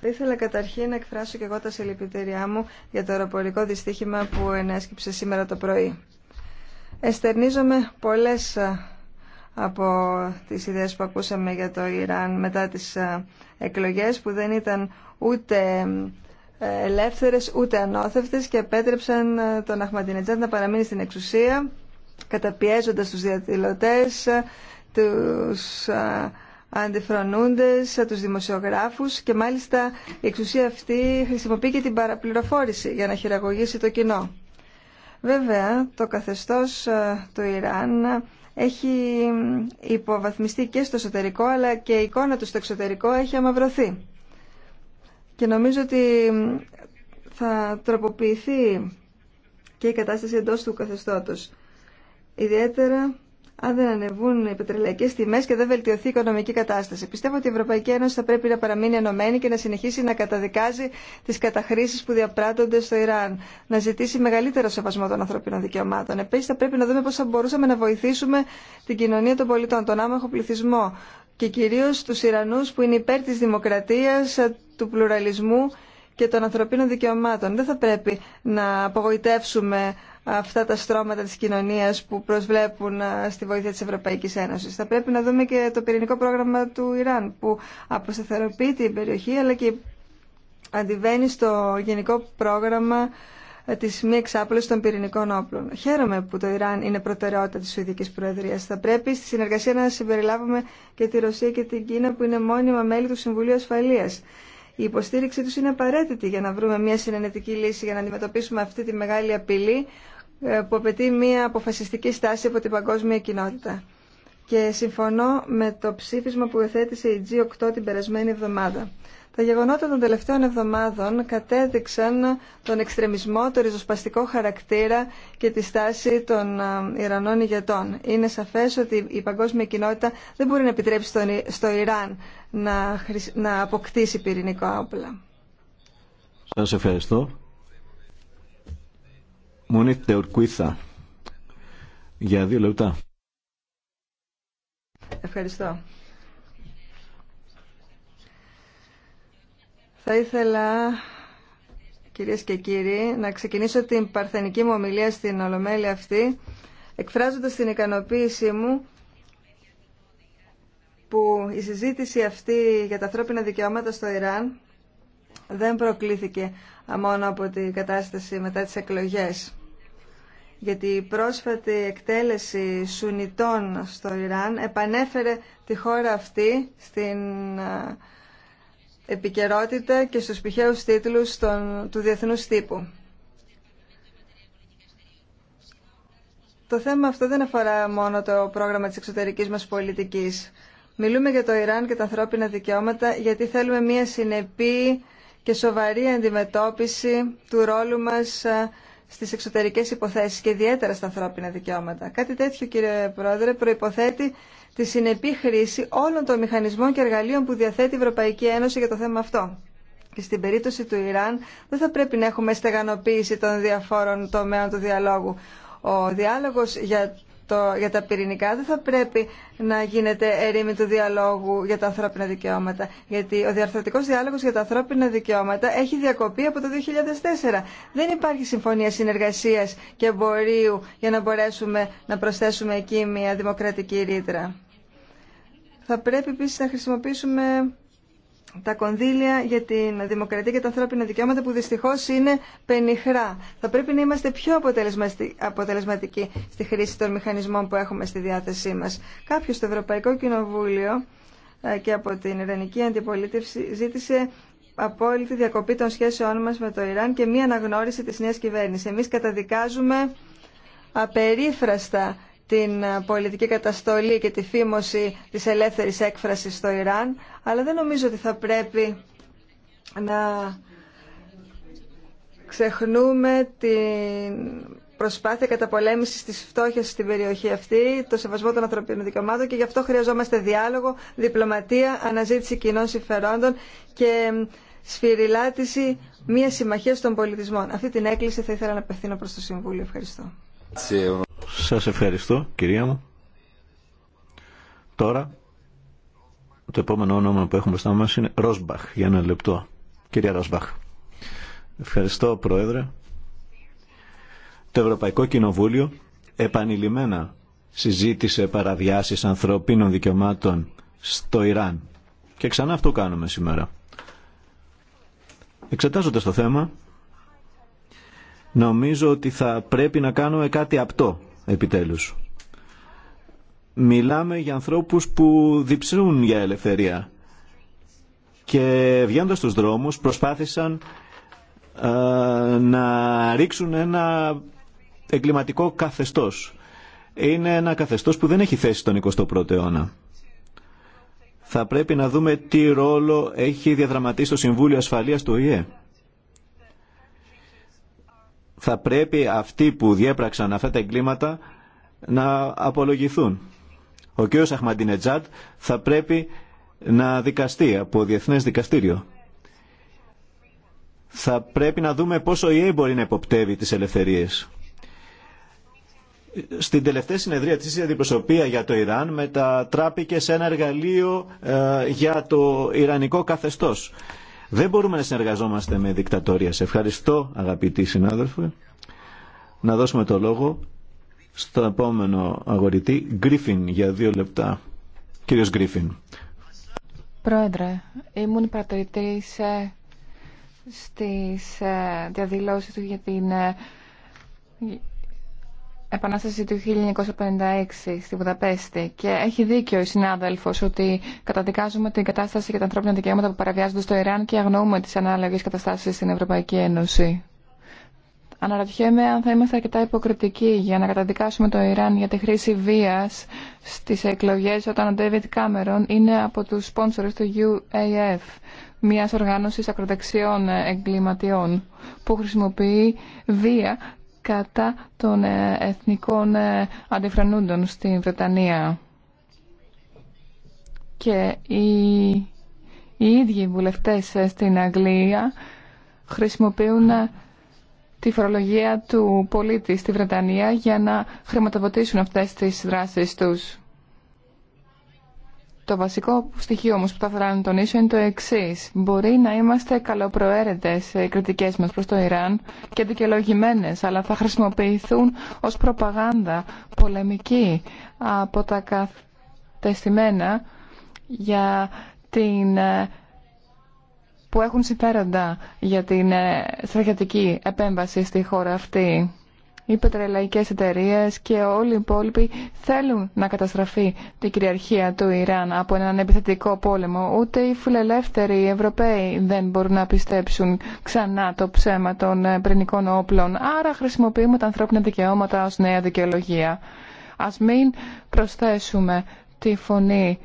[SPEAKER 2] Θα ήθελα καταρχήν να εκφράσω και εγώ τα συλληπιτήριά μου για το αεροπορικό δυστύχημα που ενέσκυψε σήμερα το πρωί. Εστερνίζομαι πολλές ε, από τις ιδέες που ακούσαμε για το Ιράν μετά τις ε, εκλογές που δεν ήταν ούτε ε, ελεύθερες ούτε ανώθευτες και επέτρεψαν ε, τον αχματινετζάν να παραμείνει στην εξουσία καταπιέζοντας τους διαδηλωτές, ε, τους ε, αντιφρονούντες, τους δημοσιογράφους και μάλιστα η εξουσία αυτή χρησιμοποιεί και την παραπληροφόρηση για να χειραγωγήσει το κοινό. Βέβαια, το καθεστώς του Ιράν έχει υποβαθμιστεί και στο εσωτερικό αλλά και η εικόνα του στο εξωτερικό έχει αμαυρωθεί. Και νομίζω ότι θα τροποποιηθεί και η κατάσταση εντός του καθεστώτος. Ιδιαίτερα αν δεν ανεβούν οι πετρελαϊκές τιμές και δεν βελτιωθεί η οικονομική κατάσταση. Πιστεύω ότι η Ευρωπαϊκή Ένωση θα πρέπει να παραμείνει ενωμένη και να συνεχίσει να καταδικάζει τις καταχρήσεις που διαπράττονται στο Ιράν, να ζητήσει μεγαλύτερο σεβασμό των ανθρωπίνων δικαιωμάτων. Επίσης θα πρέπει να δούμε πώς θα μπορούσαμε να βοηθήσουμε την κοινωνία των πολιτών, τον άμαχο πληθυσμό, και κυρίως τους Ιρανούς που είναι υπέρ της δημοκρατίας, του πλουραλισμού και των ανθρωπίνων δικαιωμάτων. Δεν θα πρέπει να απογοητεύσουμε αυτά τα στρώματα της κοινωνίας που προσβλέπουν στη βοήθεια της Ευρωπαϊκής Ένωσης. Θα πρέπει να δούμε και το πυρηνικό πρόγραμμα του Ιράν που αποσταθεροποιεί την περιοχή αλλά και αντιβαίνει στο γενικό πρόγραμμα τη μη εξάπλωση των πυρηνικών όπλων. Χαίρομαι που το Ιράν είναι προτεραιότητα τη Σουηδική Προεδρία. Θα πρέπει στη συνεργασία να συμπεριλάβουμε και τη Ρωσία και την Κίνα που είναι μόνιμα μέλη του Συμβουλίου Ασφαλεία. Η υποστήριξή του είναι απαραίτητη για να βρούμε μια συνενετική λύση για να αντιμετωπίσουμε αυτή τη μεγάλη απειλή ε, που απαιτεί μια αποφασιστική στάση από την παγκόσμια κοινότητα. Και συμφωνώ με το ψήφισμα που εθέτησε η G8 την περασμένη εβδομάδα. Τα γεγονότα των τελευταίων εβδομάδων κατέδειξαν τον εξτρεμισμό, το ριζοσπαστικό χαρακτήρα και τη στάση των Ιρανών ηγετών. Είναι σαφές ότι η παγκόσμια κοινότητα δεν μπορεί να επιτρέψει στο Ιράν να αποκτήσει πυρηνικό όπλα.
[SPEAKER 1] Σας ευχαριστώ. Μονή για δύο λεπτά.
[SPEAKER 2] Ευχαριστώ. Θα ήθελα, κυρίες και κύριοι, να ξεκινήσω την παρθενική μου ομιλία στην Ολομέλη αυτή, εκφράζοντας την ικανοποίησή μου που η συζήτηση αυτή για τα ανθρώπινα δικαιώματα στο Ιράν δεν προκλήθηκε μόνο από την κατάσταση μετά τις εκλογές. Γιατί η πρόσφατη εκτέλεση Σουνιτών στο Ιράν επανέφερε τη χώρα αυτή στην επικαιρότητα και στους πηχαίους τίτλους των, του διεθνούς τύπου. Το θέμα αυτό δεν αφορά μόνο το πρόγραμμα της εξωτερικής μας πολιτικής. Μιλούμε για το Ιράν και τα ανθρώπινα δικαιώματα γιατί θέλουμε μια συνεπή και σοβαρή αντιμετώπιση του ρόλου μας ε, στις εξωτερικές υποθέσεις και ιδιαίτερα στα ανθρώπινα δικαιώματα. Κάτι τέτοιο, κύριε Πρόεδρε, προϋποθέτει τη συνεπή χρήση όλων των μηχανισμών και εργαλείων που διαθέτει η Ευρωπαϊκή Ένωση για το θέμα αυτό. Και στην περίπτωση του Ιράν δεν θα πρέπει να έχουμε στεγανοποίηση των διαφόρων τομέων του διαλόγου. Ο διάλογος για, για τα πυρηνικά δεν θα πρέπει να γίνεται ερήμη του διαλόγου για τα ανθρώπινα δικαιώματα. Γιατί ο διαρθρωτικός διάλογος για τα ανθρώπινα δικαιώματα έχει διακοπεί από το 2004. Δεν υπάρχει συμφωνία συνεργασίας και εμπορίου για να μπορέσουμε να προσθέσουμε εκεί μια δημοκρατική ρήτρα. Θα πρέπει επίσης να χρησιμοποιήσουμε τα κονδύλια για την δημοκρατία και τα ανθρώπινα δικαιώματα που δυστυχώς είναι πενιχρά. Θα πρέπει να είμαστε πιο αποτελεσματικοί στη χρήση των μηχανισμών που έχουμε στη διάθεσή μας. Κάποιο στο Ευρωπαϊκό Κοινοβούλιο ε, και από την Ιρανική Αντιπολίτευση ζήτησε απόλυτη διακοπή των σχέσεών μας με το Ιράν και μία αναγνώριση της νέας κυβέρνησης. Εμείς καταδικάζουμε απερίφραστα την πολιτική καταστολή και τη φήμωση της ελεύθερης έκφρασης στο Ιράν, αλλά δεν νομίζω ότι θα πρέπει να ξεχνούμε την προσπάθεια καταπολέμησης της φτώχειας στην περιοχή αυτή, το σεβασμό των ανθρωπίνων δικαιωμάτων και γι' αυτό χρειαζόμαστε διάλογο, διπλωματία, αναζήτηση κοινών συμφερόντων και σφυριλάτηση μια συμμαχία των πολιτισμών. Αυτή την έκκληση θα ήθελα να απευθύνω προς το Συμβούλιο. Ευχαριστώ.
[SPEAKER 1] Σας ευχαριστώ, κυρία μου. Τώρα, το επόμενο όνομα που έχουμε μπροστά μας είναι Ρόσμπαχ, για ένα λεπτό. Κυρία Ρόσμπαχ. Ευχαριστώ, Πρόεδρε. Το Ευρωπαϊκό Κοινοβούλιο επανειλημμένα συζήτησε παραβιάσεις ανθρωπίνων δικαιωμάτων στο Ιράν. Και ξανά αυτό κάνουμε σήμερα. Εξετάζοντας το θέμα, Νομίζω ότι θα πρέπει να κάνουμε κάτι απτό επιτέλους. Μιλάμε για ανθρώπους που διψούν για ελευθερία και βγαίνοντα στους δρόμους προσπάθησαν ε, να ρίξουν ένα εγκληματικό καθεστώς. Είναι ένα καθεστώς που δεν έχει θέση στον 21ο αιώνα. Θα πρέπει να δούμε τι ρόλο έχει διαδραματίσει το Συμβούλιο Ασφαλείας του ΟΗΕ θα πρέπει αυτοί που διέπραξαν αυτά τα εγκλήματα να απολογηθούν. Ο κ. Αχμαντινετζάτ θα πρέπει να δικαστεί από διεθνές δικαστήριο. Θα πρέπει να δούμε πόσο η ΕΕ μπορεί να υποπτεύει τις ελευθερίες. Στην τελευταία συνεδρία της αντιπροσωπεία για το Ιράν μετατράπηκε σε ένα εργαλείο ε, για το Ιρανικό καθεστώς δεν μπορούμε να συνεργαζόμαστε με δικτατορία. Σε ευχαριστώ αγαπητοί συνάδελφοι. Να δώσουμε το λόγο στον επόμενο αγορητή, Γκρίφιν, για δύο λεπτά. Κύριος Γκρίφιν.
[SPEAKER 4] Πρόεδρε, ήμουν παρατηρητής ε, στις ε, διαδηλώσεις του για την ε, Επανάσταση του 1956 στη Βουδαπέστη και έχει δίκιο η συνάδελφο ότι καταδικάζουμε την κατάσταση για τα ανθρώπινα δικαιώματα που παραβιάζονται στο Ιράν και αγνοούμε τι ανάλογε καταστάσει στην Ευρωπαϊκή Ένωση. Αναρωτιέμαι αν θα είμαστε αρκετά υποκριτικοί για να καταδικάσουμε το Ιράν για τη χρήση βία στι εκλογέ όταν ο Ντέβιτ Κάμερον είναι από του σπόνσορες του UAF, μια οργάνωση ακροδεξιών εγκληματιών που χρησιμοποιεί βία κατά των ε, εθνικών ε, αντιφρανούντων στην Βρετανία. Και οι, οι ίδιοι βουλευτές ε, στην Αγγλία χρησιμοποιούν τη φορολογία του πολίτη στη Βρετανία για να χρηματοδοτήσουν αυτές τις δράσεις τους. Το βασικό στοιχείο όμως που θα ήθελα να τονίσω είναι το εξή. Μπορεί να είμαστε καλοπροαίρετες ε, οι κριτικές μας προς το Ιράν και δικαιολογημένε, αλλά θα χρησιμοποιηθούν ως προπαγάνδα πολεμική από τα κατεστημένα για την ε, που έχουν συμφέροντα για την ε, στρατιωτική επέμβαση στη χώρα αυτή οι πετρελαϊκές εταιρείες και όλοι οι υπόλοιποι θέλουν να καταστραφεί την κυριαρχία του Ιράν από έναν επιθετικό πόλεμο. Ούτε οι φιλελεύθεροι οι Ευρωπαίοι δεν μπορούν να πιστέψουν ξανά το ψέμα των πρινικών όπλων. Άρα χρησιμοποιούμε τα ανθρώπινα δικαιώματα ως νέα δικαιολογία. Ας μην προσθέσουμε τη φωνή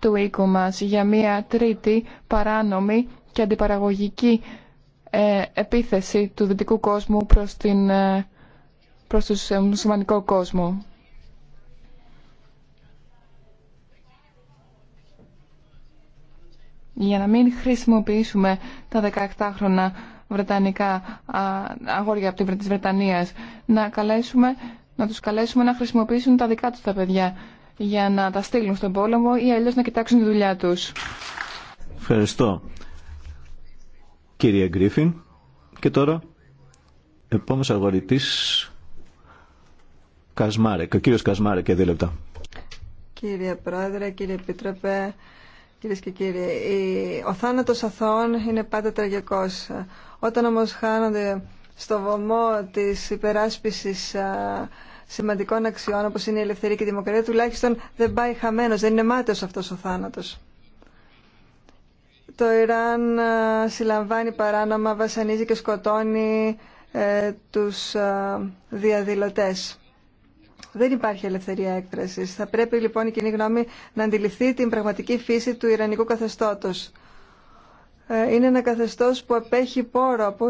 [SPEAKER 4] του οίκου μας για μια τρίτη παράνομη και αντιπαραγωγική ε, επίθεση του δυτικού κόσμου προς την ε, προς τον ε, μουσουλμανικό κόσμο. Για να μην χρησιμοποιήσουμε τα 18χρονα βρετανικά αγόρια από τη να, καλέσουμε, να τους καλέσουμε να χρησιμοποιήσουν τα δικά τους τα παιδιά για να τα στείλουν στον πόλεμο ή αλλιώς να κοιτάξουν τη δουλειά τους.
[SPEAKER 1] Ευχαριστώ. Κύριε Γκρίφιν, και τώρα επόμενος αγορητής Κασμάρε, κύριος Κασμάρεκ δύο
[SPEAKER 2] Κύριε Πρόεδρε, κύριε Επίτροπε, κυρίες και κύριοι, ο θάνατος αθώων είναι πάντα τραγικός. Όταν όμως χάνονται στο βωμό της υπεράσπισης σημαντικών αξιών όπως είναι η ελευθερία και η δημοκρατία, τουλάχιστον δεν πάει χαμένος, δεν είναι μάταιος αυτός ο θάνατος. Το Ιράν συλλαμβάνει παράνομα, βασανίζει και σκοτώνει ε, τους διαδηλωτές. Δεν υπάρχει ελευθερία έκφραση. Θα πρέπει λοιπόν η κοινή γνώμη να αντιληφθεί την πραγματική φύση του Ιρανικού καθεστώτο. Ε, είναι ένα καθεστώ που απέχει πόρο από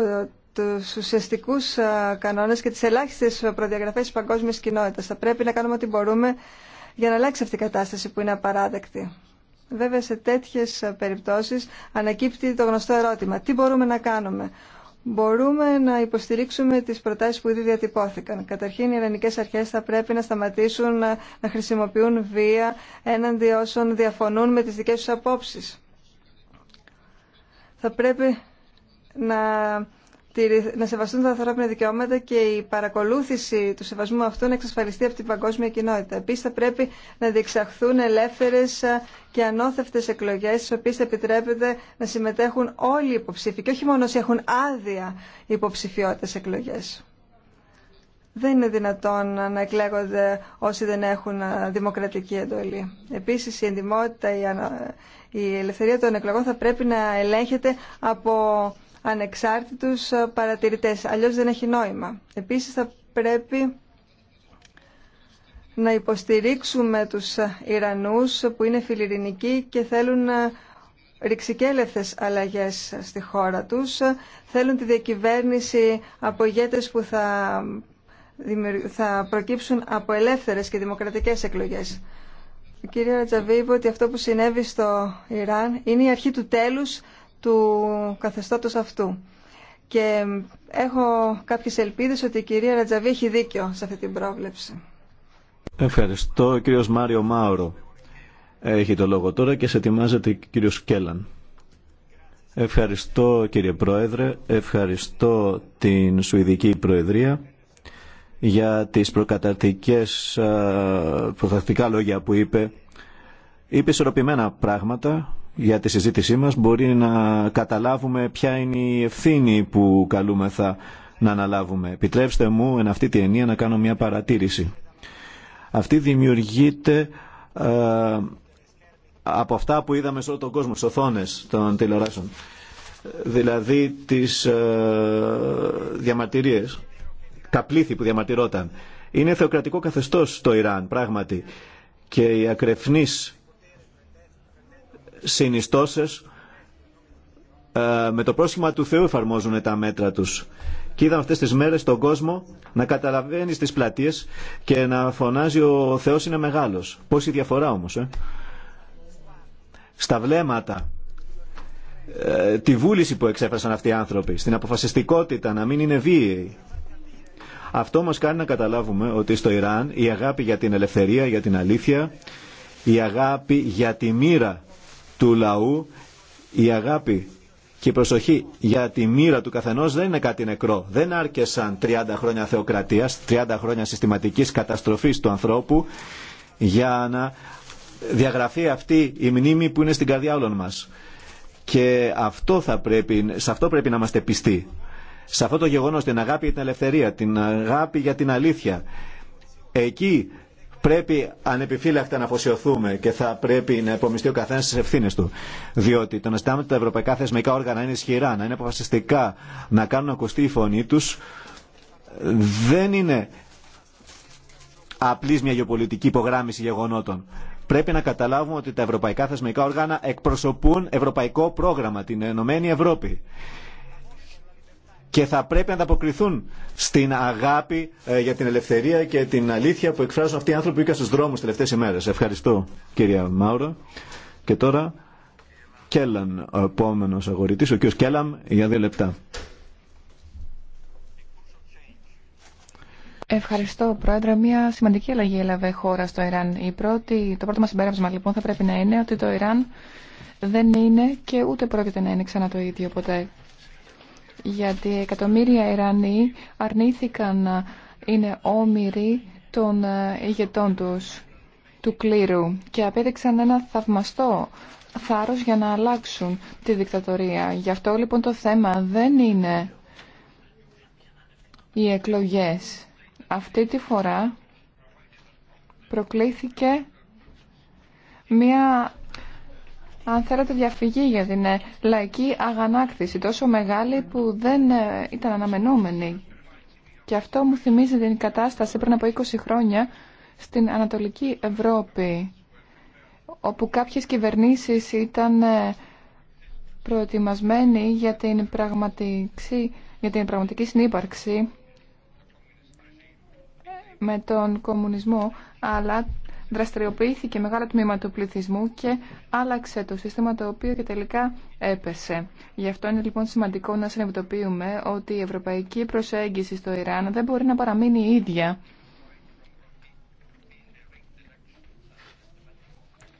[SPEAKER 2] του ουσιαστικού ε, κανόνε και τι ελάχιστε προδιαγραφέ τη παγκόσμια κοινότητα. Θα πρέπει να κάνουμε ό,τι μπορούμε για να αλλάξει αυτή η κατάσταση που είναι απαράδεκτη. Βέβαια, σε τέτοιε περιπτώσει ανακύπτει το γνωστό ερώτημα. Τι μπορούμε να κάνουμε μπορούμε να υποστηρίξουμε τις προτάσεις που ήδη διατυπώθηκαν. Καταρχήν, οι ελληνικές αρχές θα πρέπει να σταματήσουν να χρησιμοποιούν βία έναντι όσων διαφωνούν με τις δικές τους απόψεις. Θα πρέπει να να σεβαστούν τα ανθρώπινα δικαιώματα και η παρακολούθηση του σεβασμού αυτού να εξασφαλιστεί από την παγκόσμια κοινότητα. Επίση, θα πρέπει να διεξαχθούν ελεύθερε και ανώθευτες εκλογέ, στις οποίε επιτρέπεται να συμμετέχουν όλοι οι υποψήφοι και όχι μόνο όσοι έχουν άδεια υποψηφιότητε εκλογέ. Δεν είναι δυνατόν να εκλέγονται όσοι δεν έχουν δημοκρατική εντολή. Επίσης η εντιμότητα, η ελευθερία των εκλογών θα πρέπει να ελέγχεται από ανεξάρτητους παρατηρητές. Αλλιώς δεν έχει νόημα. Επίσης θα πρέπει να υποστηρίξουμε τους Ιρανούς που είναι φιλιρινικοί και θέλουν ρηξικέλευθες αλλαγές στη χώρα τους. Θέλουν τη διακυβέρνηση από ηγέτες που θα, θα προκύψουν από ελεύθερες και δημοκρατικές εκλογές. Η κυρία Ρατζαβί ότι αυτό που συνέβη στο Ιράν είναι η αρχή του τέλους του καθεστώτος αυτού. Και έχω κάποιες ελπίδες ότι η κυρία Ρατζαβί έχει δίκιο σε αυτή την πρόβλεψη.
[SPEAKER 1] Ευχαριστώ. Κύριος Μάριο Μάουρο έχει το λόγο τώρα και σε ετοιμάζεται κύριος Κέλλαν. Ευχαριστώ κύριε Πρόεδρε, ευχαριστώ την Σουηδική Προεδρία για τις προκαταρτικές, προτακτικά λόγια που είπε. Είπε ισορροπημένα πράγματα για τη συζήτησή μας. Μπορεί να καταλάβουμε ποια είναι η ευθύνη που καλούμεθα να αναλάβουμε. Επιτρέψτε μου εν αυτή τη ενία να κάνω μια παρατήρηση. Αυτή δημιουργείται ε, από αυτά που είδαμε σε όλο τον κόσμο, στις οθόνες των τηλεοράσεων. Δηλαδή τις ε, τα πλήθη που διαμαρτυρόταν. Είναι θεοκρατικό καθεστώς το Ιράν, πράγματι. Και οι ακρεφνείς συνιστώσεις ε, με το πρόσχημα του Θεού εφαρμόζουν τα μέτρα τους. Και είδαμε αυτές τις μέρες τον κόσμο να καταλαβαίνει στις πλατείες και να φωνάζει ο Θεός είναι μεγάλος. Πόση διαφορά όμως. Ε? Στα βλέμματα ε, τη βούληση που εξέφρασαν αυτοί οι άνθρωποι, στην αποφασιστικότητα να μην είναι βίαιοι. Αυτό μας κάνει να καταλάβουμε ότι στο Ιράν η αγάπη για την ελευθερία, για την αλήθεια, η αγάπη για τη μοίρα του λαού, η αγάπη και η προσοχή για τη μοίρα του καθενό δεν είναι κάτι νεκρό. Δεν άρκεσαν 30 χρόνια θεοκρατίας, 30 χρόνια συστηματικής καταστροφής του ανθρώπου για να διαγραφεί αυτή η μνήμη που είναι στην καρδιά όλων μας. Και αυτό θα πρέπει, σε αυτό πρέπει να είμαστε πιστοί. Σε αυτό το γεγονός, την αγάπη για την ελευθερία, την αγάπη για την αλήθεια. Εκεί πρέπει ανεπιφύλακτα να αφοσιωθούμε και θα πρέπει να υπομειστεί ο καθένα τι ευθύνε του. Διότι το να ζητάμε τα ευρωπαϊκά θεσμικά όργανα είναι ισχυρά, να είναι αποφασιστικά, να κάνουν ακουστή η φωνή του, δεν είναι απλή μια γεωπολιτική υπογράμμιση γεγονότων. Πρέπει να καταλάβουμε ότι τα ευρωπαϊκά θεσμικά όργανα εκπροσωπούν ευρωπαϊκό πρόγραμμα, την Ενωμένη Ευρώπη και θα πρέπει να ανταποκριθούν στην αγάπη ε, για την ελευθερία και την αλήθεια που εκφράζουν αυτοί οι άνθρωποι που είχαν στους δρόμους τελευταίες ημέρες. Ευχαριστώ κυρία Μάουρα. Και τώρα Κέλλαν, ο επόμενος αγορητής, ο κύριος Κέλλαν, για δύο λεπτά.
[SPEAKER 4] Ευχαριστώ, Πρόεδρε. Μια σημαντική αλλαγή έλαβε χώρα στο Ιράν. Η πρώτη, το πρώτο μα συμπέρασμα λοιπόν θα πρέπει να είναι ότι το Ιράν δεν είναι και ούτε πρόκειται να είναι ξανά το ίδιο ποτέ γιατί εκατομμύρια Ιρανοί αρνήθηκαν να είναι όμοιροι των ε, ηγετών τους, του κλήρου και απέδειξαν ένα θαυμαστό θάρρος για να αλλάξουν τη δικτατορία. Γι' αυτό λοιπόν το θέμα δεν είναι οι εκλογές. Αυτή τη φορά προκλήθηκε μια αν θέλετε, διαφυγή για την ε, λαϊκή αγανάκτηση, τόσο μεγάλη που δεν ε, ήταν αναμενόμενη. Και αυτό μου θυμίζει την κατάσταση πριν από 20 χρόνια στην Ανατολική Ευρώπη, όπου κάποιες κυβερνήσεις ήταν ε, προετοιμασμένοι για την πραγματική, για την πραγματική συνύπαρξη με τον κομμουνισμό, αλλά δραστηριοποιήθηκε μεγάλο τμήμα του πληθυσμού και άλλαξε το σύστημα το οποίο και τελικά έπεσε. Γι' αυτό είναι λοιπόν σημαντικό να συνειδητοποιούμε ότι η ευρωπαϊκή προσέγγιση στο Ιράν δεν μπορεί να παραμείνει ίδια.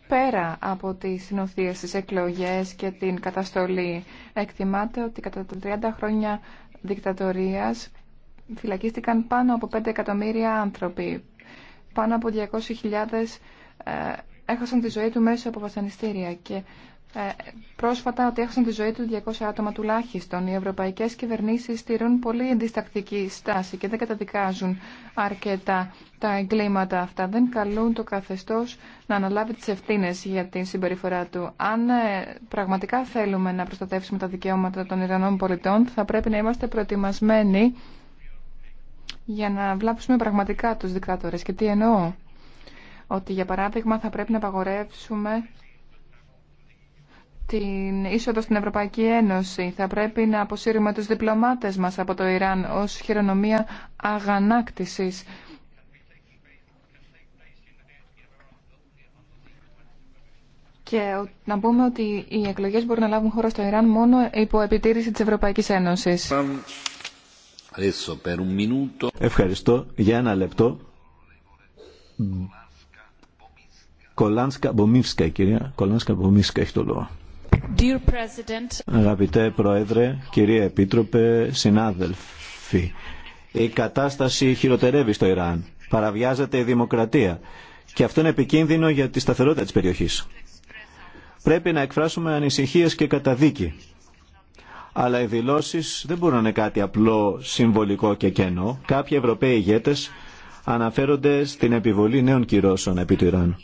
[SPEAKER 4] πέρα από τις συνοθείες, τις εκλογές και την καταστολή. Εκτιμάται ότι κατά τα 30 χρόνια δικτατορίας φυλακίστηκαν πάνω από 5 εκατομμύρια άνθρωποι πάνω από 200.000 ε, έχασαν τη ζωή του μέσα από βασανιστήρια και ε, πρόσφατα ότι έχασαν τη ζωή του 200 άτομα τουλάχιστον. Οι ευρωπαϊκές κυβερνήσεις στηρούν πολύ ενδιστακτική στάση και δεν καταδικάζουν αρκετά τα εγκλήματα αυτά. Δεν καλούν το καθεστώς να αναλάβει τις ευθύνες για την συμπεριφορά του. Αν ε, πραγματικά θέλουμε να προστατεύσουμε τα δικαιώματα των Ιρανών πολιτών, θα πρέπει να είμαστε προετοιμασμένοι για να βλάψουμε πραγματικά τους δικτάτορες. Και τι εννοώ. Ότι για παράδειγμα θα πρέπει να απαγορεύσουμε την είσοδο στην Ευρωπαϊκή Ένωση. Θα πρέπει να αποσύρουμε τους διπλωμάτες μας από το Ιράν ως χειρονομία αγανάκτησης. Και να πούμε ότι οι εκλογές μπορούν να λάβουν χώρα στο Ιράν μόνο υπό επιτήρηση της Ευρωπαϊκής Ένωσης.
[SPEAKER 1] Ευχαριστώ. Για ένα λεπτό. Κολάνσκα Μπομίσκα, κυρία. Κολάνσκα Μπομίσκα έχει το λόγο. Αγαπητέ Πρόεδρε, κυρία Επίτροπε, συνάδελφοι. Η κατάσταση χειροτερεύει στο Ιράν. Παραβιάζεται η δημοκρατία. Και αυτό είναι επικίνδυνο για τη σταθερότητα της περιοχής. Πρέπει να εκφράσουμε ανησυχίες και καταδίκη αλλά οι δηλώσει δεν μπορούν να είναι κάτι απλό, συμβολικό και κενό. Κάποιοι Ευρωπαίοι ηγέτε αναφέρονται στην επιβολή νέων κυρώσεων επί του Ιράν.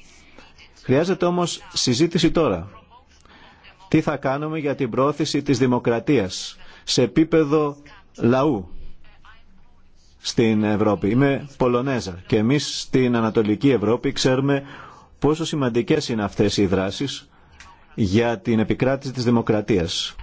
[SPEAKER 1] Χρειάζεται όμω συζήτηση τώρα. Τι θα κάνουμε για την πρόθεση της δημοκρατίας σε επίπεδο λαού στην Ευρώπη. Είμαι Πολωνέζα και εμείς στην Ανατολική Ευρώπη ξέρουμε πόσο σημαντικές είναι αυτές οι δράσεις για την επικράτηση της δημοκρατίας.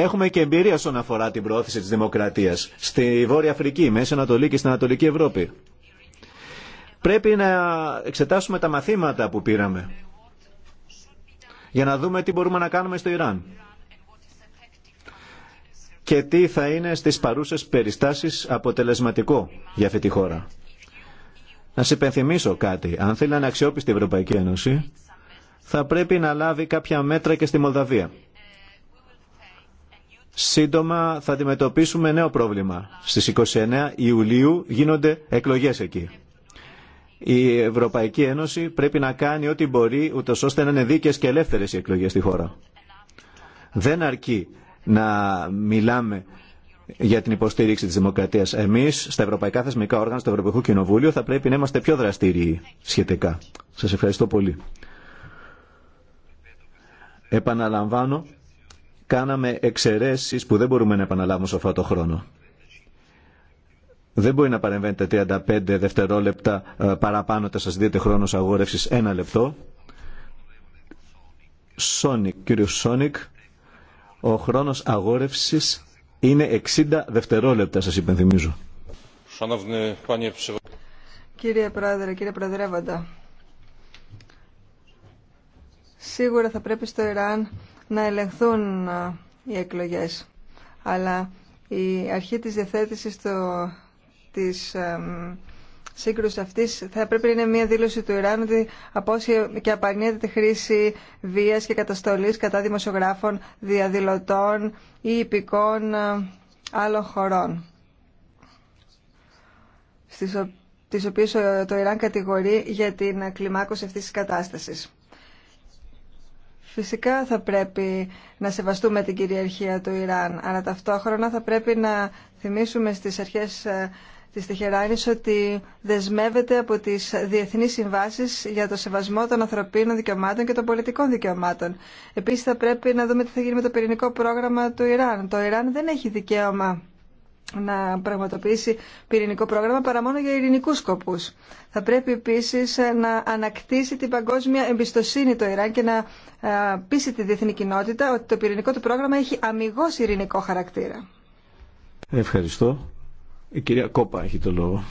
[SPEAKER 1] Έχουμε και εμπειρία στον αφορά την προώθηση της δημοκρατίας στη Βόρεια Αφρική, Μέση Ανατολή και στην Ανατολική Ευρώπη. Πρέπει να εξετάσουμε τα μαθήματα που πήραμε για να δούμε τι μπορούμε να κάνουμε στο Ιράν και τι θα είναι στις παρούσες περιστάσεις αποτελεσματικό για αυτή τη χώρα. Να σας υπενθυμίσω κάτι. Αν θέλει να αξιόπιστη η Ευρωπαϊκή Ένωση, θα πρέπει να λάβει κάποια μέτρα και στη Μολδαβία σύντομα θα αντιμετωπίσουμε νέο πρόβλημα. Στις 29 Ιουλίου γίνονται εκλογές εκεί. Η Ευρωπαϊκή Ένωση πρέπει να κάνει ό,τι μπορεί ούτω ώστε να είναι δίκαιες και ελεύθερες οι εκλογές στη χώρα. Δεν αρκεί να μιλάμε για την υποστήριξη της δημοκρατίας. Εμείς στα ευρωπαϊκά θεσμικά όργανα, στο Ευρωπαϊκό Κοινοβούλιο θα πρέπει να είμαστε πιο δραστήριοι σχετικά. Σας ευχαριστώ πολύ. Επαναλαμβάνω κάναμε εξαιρέσεις που δεν μπορούμε να επαναλάβουμε σε αυτό το χρόνο. Δεν μπορεί να παρεμβαίνετε 35 δευτερόλεπτα ε, παραπάνω, όταν σας δείτε χρόνος αγόρευσης ένα λεπτό. Σόνικ, κύριο Σόνικ, ο χρόνος αγόρευσης είναι 60 δευτερόλεπτα, σας υπενθυμίζω.
[SPEAKER 2] Κύριε Πρόεδρε, κύριε Προεδρεύοντα, σίγουρα θα πρέπει στο Ιράν να ελεγχθούν ε, οι εκλογές. Αλλά η αρχή της διαθέτησης το, της σύγκρουση αυτής θα πρέπει να είναι μια δήλωση του Ιράν ότι όσοι και απαρνείται τη χρήση βία και καταστολή κατά δημοσιογράφων, διαδηλωτών ή υπηκών ε, άλλων χωρών. Στις, τις οποίες ε, το Ιράν κατηγορεί για την κλιμάκωση αυτής της κατάστασης. Φυσικά θα πρέπει να σεβαστούμε την κυριαρχία του Ιράν, αλλά ταυτόχρονα θα πρέπει να θυμίσουμε στις αρχές ε, της Τεχεράνης ότι δεσμεύεται από τις διεθνείς συμβάσεις για το σεβασμό των ανθρωπίνων δικαιωμάτων και των πολιτικών δικαιωμάτων. Επίσης θα πρέπει να δούμε τι θα γίνει με το πυρηνικό πρόγραμμα του Ιράν. Το Ιράν δεν έχει δικαίωμα να πραγματοποιήσει πυρηνικό πρόγραμμα παρά μόνο για ειρηνικού σκοπού. Θα πρέπει επίση ε, να ανακτήσει την παγκόσμια εμπιστοσύνη το Ιράν και να ε, πείσει τη διεθνή κοινότητα ότι το πυρηνικό του πρόγραμμα έχει αμυγό ειρηνικό χαρακτήρα.
[SPEAKER 1] Ευχαριστώ. Η κυρία Κόπα έχει το λόγο.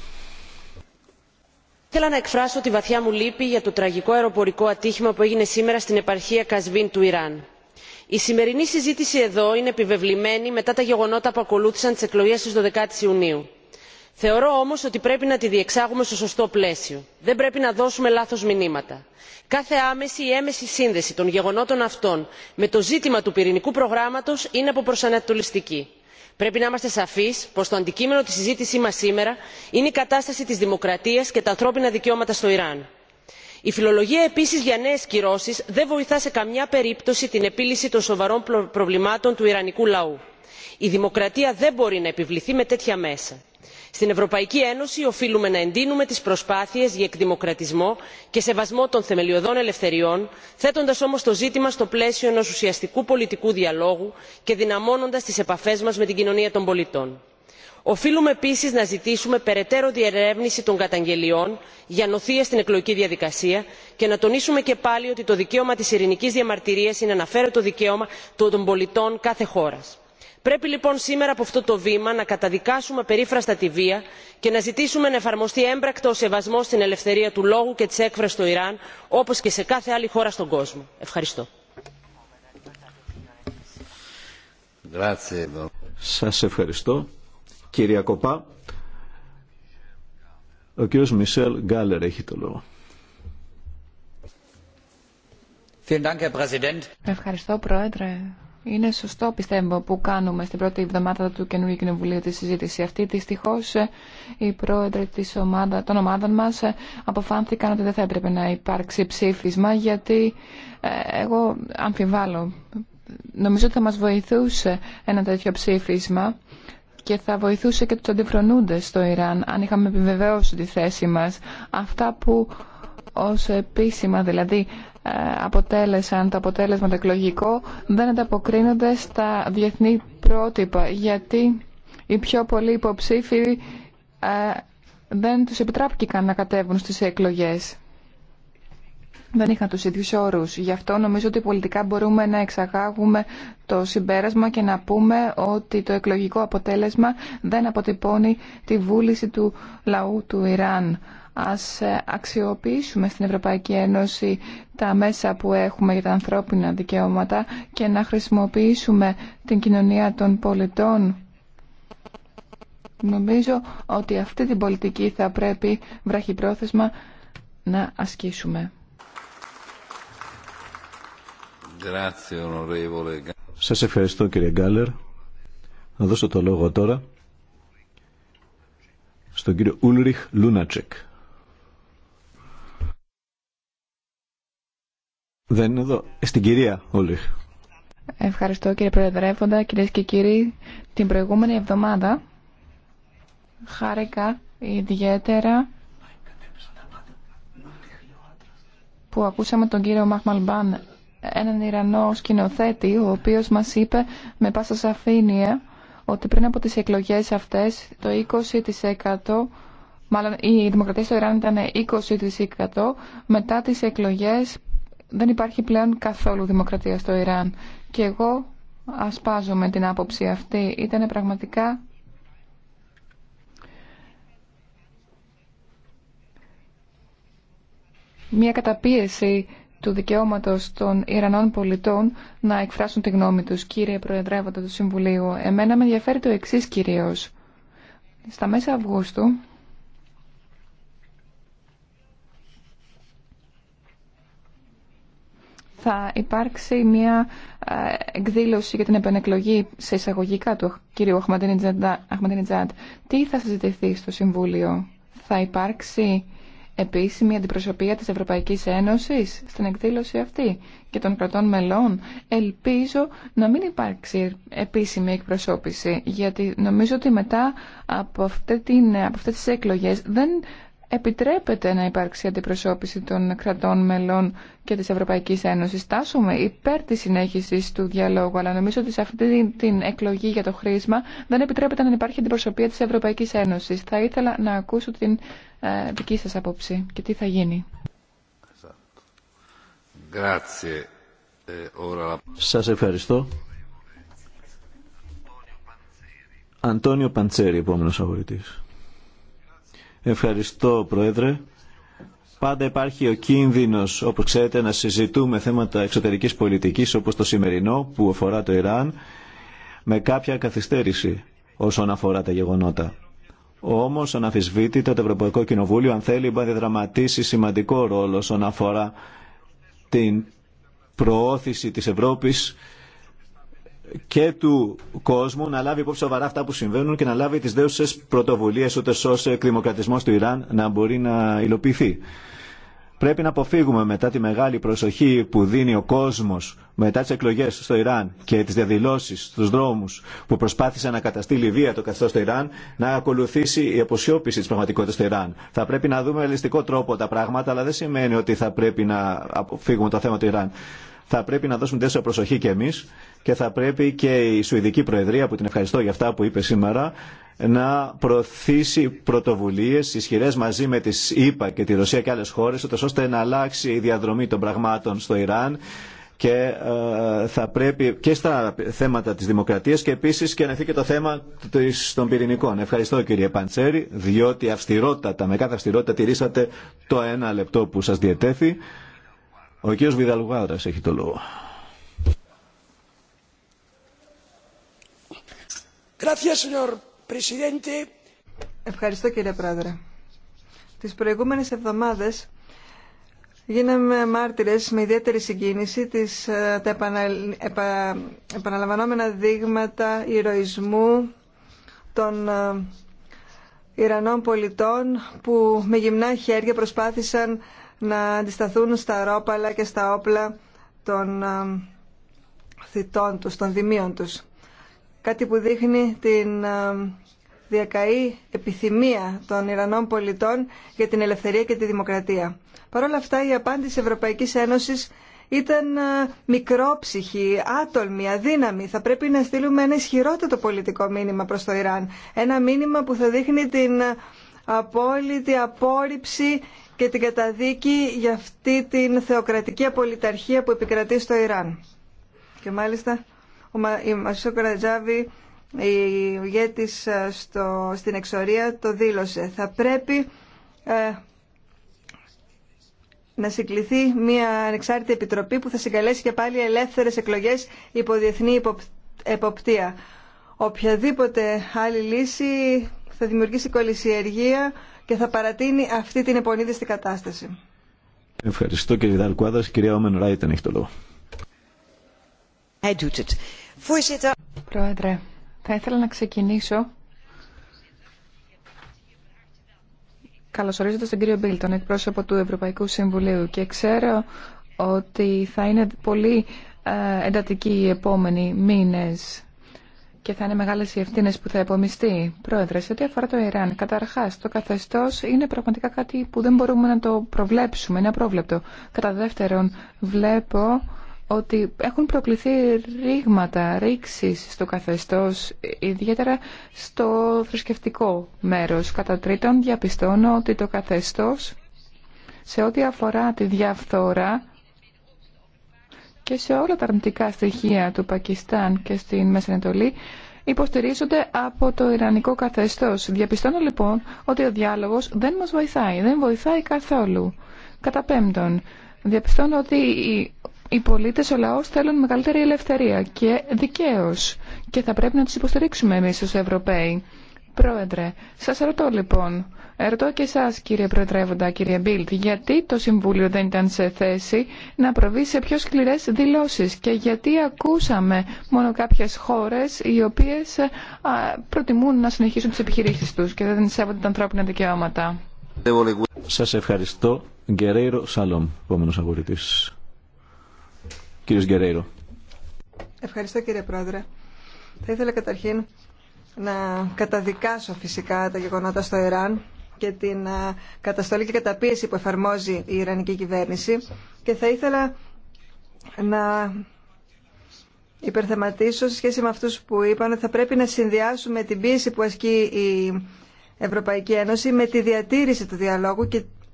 [SPEAKER 5] Θέλω να εκφράσω τη βαθιά μου λύπη για το τραγικό αεροπορικό ατύχημα που έγινε σήμερα στην επαρχία Κασβίν του Ιράν η σημερινή συζήτηση εδώ είναι επιβεβλημένη μετά τα γεγονότα που ακολούθησαν τις εκλογές της 12ης ιουνίου. θεωρώ όμως ότι πρέπει να τη διεξάγουμε στο σωστό πλαίσιο. δεν πρέπει να δώσουμε λάθος μηνύματα. κάθε άμεση ή έμεση σύνδεση των γεγονότων αυτών με το ζήτημα του πυρηνικού προγράμματος είναι αποπροσανατολιστική. πρέπει να είμαστε σαφείς πως το αντικείμενο της συζήτησής μας σήμερα είναι η κατάσταση της δημοκρατίας και τα ανθρώπινα δικαιώματα στο ιράν η φιλολογία επίσης για νέες κυρώσεις δεν βοηθά σε καμιά περίπτωση την επίλυση των σοβαρών προβλημάτων του ιρανικού λαού. η δημοκρατία δεν μπορεί να επιβληθεί με τέτοια μέσα. στην ευρωπαϊκή ένωση οφείλουμε να εντείνουμε τις προσπάθειες για εκδημοκρατισμό και σεβασμό των θεμελιωδών ελευθεριών θέτοντας όμως το ζήτημα στο πλαίσιο ενός ουσιαστικού πολιτικού διαλόγου και δυναμώνοντας τις επαφές μας με την κοινωνία των πολιτών οφείλουμε επίση να ζητήσουμε περαιτέρω διερεύνηση των καταγγελιών για νοθεία στην εκλογική διαδικασία και να τονίσουμε και πάλι ότι το δικαίωμα τη ειρηνική διαμαρτυρία είναι αναφέρετο δικαίωμα των πολιτών κάθε χώρα. πρέπει λοιπόν σήμερα από αυτό το βήμα να καταδικάσουμε περίφραστα τη βία και να ζητήσουμε να εφαρμοστεί έμπρακτα ο σεβασμό στην ελευθερία του λόγου και τη έκφραση στο ιράν όπω και σε κάθε άλλη χώρα στον κόσμο. ευχαριστώ
[SPEAKER 1] κυρία Κοπά. Ο κύριος Μισελ Γκάλερ έχει το λόγο.
[SPEAKER 4] Ευχαριστώ, Πρόεδρε. Είναι σωστό, πιστεύω, που κάνουμε στην πρώτη εβδομάδα του καινούργιου κοινοβουλίου τη συζήτηση αυτή. Δυστυχώ, οι πρόεδροι της ομάδα, των ομάδων μα αποφάνθηκαν ότι δεν θα έπρεπε να υπάρξει ψήφισμα, γιατί ε, εγώ αμφιβάλλω. Νομίζω ότι θα μα βοηθούσε ένα τέτοιο ψήφισμα και θα βοηθούσε και τους αντιφρονούντες στο Ιράν αν είχαμε επιβεβαίωσει τη θέση μας. Αυτά που ως επίσημα δηλαδή ε, αποτέλεσαν το αποτέλεσμα το εκλογικό δεν ανταποκρίνονται στα διεθνή πρότυπα γιατί οι πιο πολλοί υποψήφοι ε, δεν τους επιτράπηκαν να κατέβουν στις εκλογές δεν είχαν τους ίδιους όρους. Γι' αυτό νομίζω ότι πολιτικά μπορούμε να εξαγάγουμε το συμπέρασμα και να πούμε ότι το εκλογικό αποτέλεσμα δεν αποτυπώνει τη βούληση του λαού του Ιράν. Ας ε, αξιοποιήσουμε στην Ευρωπαϊκή Ένωση τα μέσα που έχουμε για τα ανθρώπινα δικαιώματα και να χρησιμοποιήσουμε την κοινωνία των πολιτών Νομίζω ότι αυτή την πολιτική θα πρέπει βραχυπρόθεσμα να ασκήσουμε.
[SPEAKER 1] Σας ευχαριστώ κύριε Γκάλερ. Να δώσω το λόγο τώρα στον κύριο Ούλριχ Λούνατσεκ. Δεν είναι εδώ. Ε, στην κυρία Ούλριχ.
[SPEAKER 4] Ευχαριστώ κύριε Προεδρεύοντα, κυρίε και κύριοι. Την προηγούμενη εβδομάδα χάρηκα ιδιαίτερα που ακούσαμε τον κύριο Μαχμαλμπάν έναν Ιρανό σκηνοθέτη, ο οποίος μας είπε με πάσα σαφήνεια ότι πριν από τις εκλογές αυτές το 20% μάλλον η δημοκρατία στο Ιράν ήταν 20% μετά τις εκλογές δεν υπάρχει πλέον καθόλου δημοκρατία στο Ιράν και εγώ ασπάζομαι την άποψη αυτή ήταν πραγματικά μια καταπίεση του δικαιώματο των Ιρανών πολιτών να εκφράσουν τη γνώμη του κύριε Προεδρεύοντα του Συμβουλίου. Εμένα με ενδιαφέρει το εξή κυρίω. Στα μέσα Αυγούστου θα υπάρξει μια ε, εκδήλωση για την επανεκλογή σε εισαγωγικά του κυρίου Αχμαντινιτζάντ. Τι θα συζητηθεί στο Συμβούλιο. Θα υπάρξει επίσημη αντιπροσωπεία της Ευρωπαϊκής Ένωσης στην εκδήλωση αυτή και των κρατών μελών. Ελπίζω να μην υπάρξει επίσημη εκπροσώπηση, γιατί νομίζω ότι μετά από, αυτή την, από αυτές τις εκλογές δεν επιτρέπεται να υπάρξει αντιπροσώπηση των κρατών μελών και της Ευρωπαϊκής Ένωσης. Στάσουμε υπέρ της συνέχισης του διαλόγου, αλλά νομίζω ότι σε αυτή την εκλογή για το χρήσμα δεν επιτρέπεται να υπάρχει αντιπροσωπεία της Ευρωπαϊκής Ένωσης. Θα ήθελα να ακούσω την ε, δική σας άποψη και τι θα γίνει.
[SPEAKER 3] Ε,
[SPEAKER 1] σας ευχαριστώ. Αντώνιο Παντσέρη, επόμενος αγωγητής. Ευχαριστώ, Πρόεδρε. Πάντα υπάρχει ο κίνδυνος, όπως ξέρετε, να συζητούμε θέματα εξωτερικής πολιτικής όπως το σημερινό που αφορά το Ιράν με κάποια καθυστέρηση όσον αφορά τα γεγονότα. Όμω, αναφυσβήτητα, το Ευρωπαϊκό Κοινοβούλιο, αν θέλει, μπορεί να δραματίσει σημαντικό ρόλο όσον αφορά την προώθηση της Ευρώπης και του κόσμου να λάβει υπόψη σοβαρά αυτά που συμβαίνουν και να λάβει τις δέουσες πρωτοβουλίες ούτε ώστε του Ιράν να μπορεί να υλοποιηθεί. Πρέπει να αποφύγουμε μετά τη μεγάλη προσοχή που δίνει ο κόσμος μετά τις εκλογές στο Ιράν και τις διαδηλώσεις στους δρόμους που προσπάθησε να καταστήλει βία το καθεστώς στο Ιράν να ακολουθήσει η αποσιώπηση της πραγματικότητας στο Ιράν. Θα πρέπει να δούμε ρεαλιστικό τρόπο τα πράγματα αλλά δεν σημαίνει ότι θα πρέπει να αποφύγουμε το θέμα του Ιράν. Θα πρέπει να δώσουμε τέσσερα προσοχή και εμείς και θα πρέπει και η Σουηδική Προεδρία, που την ευχαριστώ για αυτά που είπε σήμερα, να προωθήσει πρωτοβουλίε ισχυρέ μαζί με τι ΗΠΑ και τη Ρωσία και άλλε χώρε, ώστε να αλλάξει η διαδρομή των πραγμάτων στο Ιράν και ε, θα πρέπει και στα θέματα της δημοκρατίας και επίσης και να έρθει και το θέμα των πυρηνικών. Ευχαριστώ κύριε Παντσέρη, διότι αυστηρότατα, με κάθε αυστηρότητα τηρήσατε το ένα λεπτό που σας διετέθη. Ο κύριος Βιδαλουγάδρας έχει το λόγο.
[SPEAKER 2] Ευχαριστώ κύριε Πρόεδρε. Τις προηγούμενες εβδομάδες γίναμε μάρτυρες με ιδιαίτερη συγκίνηση της, ε, τα επαναλαμβανόμενα δείγματα ηρωισμού των ε, Ιρανών πολιτών που με γυμνά χέρια προσπάθησαν να αντισταθούν στα ρόπαλα και στα όπλα των ε, θητών τους, των δημίων τους. Κάτι που δείχνει την ε, διακαή επιθυμία των Ιρανών πολιτών για την ελευθερία και τη δημοκρατία. Παρ' όλα αυτά η απάντηση Ευρωπαϊκής Ένωσης ήταν ε, μικρόψυχη, άτολμη, αδύναμη. Θα πρέπει να στείλουμε ένα ισχυρότατο πολιτικό μήνυμα προς το Ιράν. Ένα μήνυμα που θα δείχνει την ε, απόλυτη απόρριψη και την καταδίκη για αυτή την θεοκρατική απολυταρχία που επικρατεί στο Ιράν. Και μάλιστα ο Μασού Καρατζάβη, η ηγέτης ε, στο, στην εξορία, το δήλωσε. Θα πρέπει ε, να συγκληθεί μια ανεξάρτητη επιτροπή που θα συγκαλέσει και πάλι ελεύθερες εκλογές υπό διεθνή εποπτεία. Οποιαδήποτε άλλη λύση θα δημιουργήσει κολυσιεργία και θα παρατείνει αυτή την επονίδιστη κατάσταση.
[SPEAKER 1] Ευχαριστώ κύριε Κυρία Όμεν Ράιτεν έχει το λόγο.
[SPEAKER 4] Πρόεδρε, θα ήθελα να ξεκινήσω Καλωσορίζοντα τον κύριο Μπίλ, τον εκπρόσωπο του Ευρωπαϊκού Συμβουλίου και ξέρω ότι θα είναι πολύ ε, εντατικοί οι επόμενοι μήνες και θα είναι μεγάλες οι ευθύνε που θα επομιστεί. Πρόεδρε, σε ό,τι αφορά το Ιράν, καταρχάς το καθεστώς είναι πραγματικά κάτι που δεν μπορούμε να το προβλέψουμε, είναι απρόβλεπτο. Κατά δεύτερον, βλέπω ότι έχουν προκληθεί ρήγματα, ρήξεις στο καθεστώς, ιδιαίτερα στο θρησκευτικό μέρος. Κατά τρίτον, διαπιστώνω ότι το καθεστώς, σε ό,τι αφορά τη διαφθορά και σε όλα τα αρνητικά στοιχεία του Πακιστάν και στην Μέση Ανατολή, υποστηρίζονται από το Ιρανικό καθεστώς. Διαπιστώνω λοιπόν ότι ο διάλογος δεν μας βοηθάει, δεν βοηθάει καθόλου. Κατά πέμπτον, διαπιστώνω ότι οι πολίτες, ο λαός θέλουν μεγαλύτερη ελευθερία και δικαίως και θα πρέπει να τις υποστηρίξουμε εμείς ως Ευρωπαίοι. Πρόεδρε, σας ρωτώ λοιπόν, ρωτώ και εσάς κύριε Προεδρεύοντα, κύριε Μπίλτ, γιατί το Συμβούλιο δεν ήταν σε θέση να προβεί σε πιο σκληρές δηλώσεις και γιατί ακούσαμε μόνο κάποιες χώρες οι οποίες προτιμούν να συνεχίσουν τις επιχειρήσεις τους και δεν σέβονται τα ανθρώπινα δικαιώματα.
[SPEAKER 1] Σας ευχαριστώ. Γκερέιρο Σαλόμ, επόμενος κύριος Γκερέιρο.
[SPEAKER 4] Ευχαριστώ κύριε Πρόεδρε.
[SPEAKER 2] Θα ήθελα καταρχήν να καταδικάσω φυσικά τα γεγονότα στο Ιράν και την καταστολή και καταπίεση που εφαρμόζει η Ιρανική κυβέρνηση και θα ήθελα να υπερθεματίσω σε σχέση με αυτούς που είπαν ότι θα πρέπει να συνδυάσουμε την πίεση που ασκεί η Ευρωπαϊκή Ένωση με τη διατήρηση του διαλόγου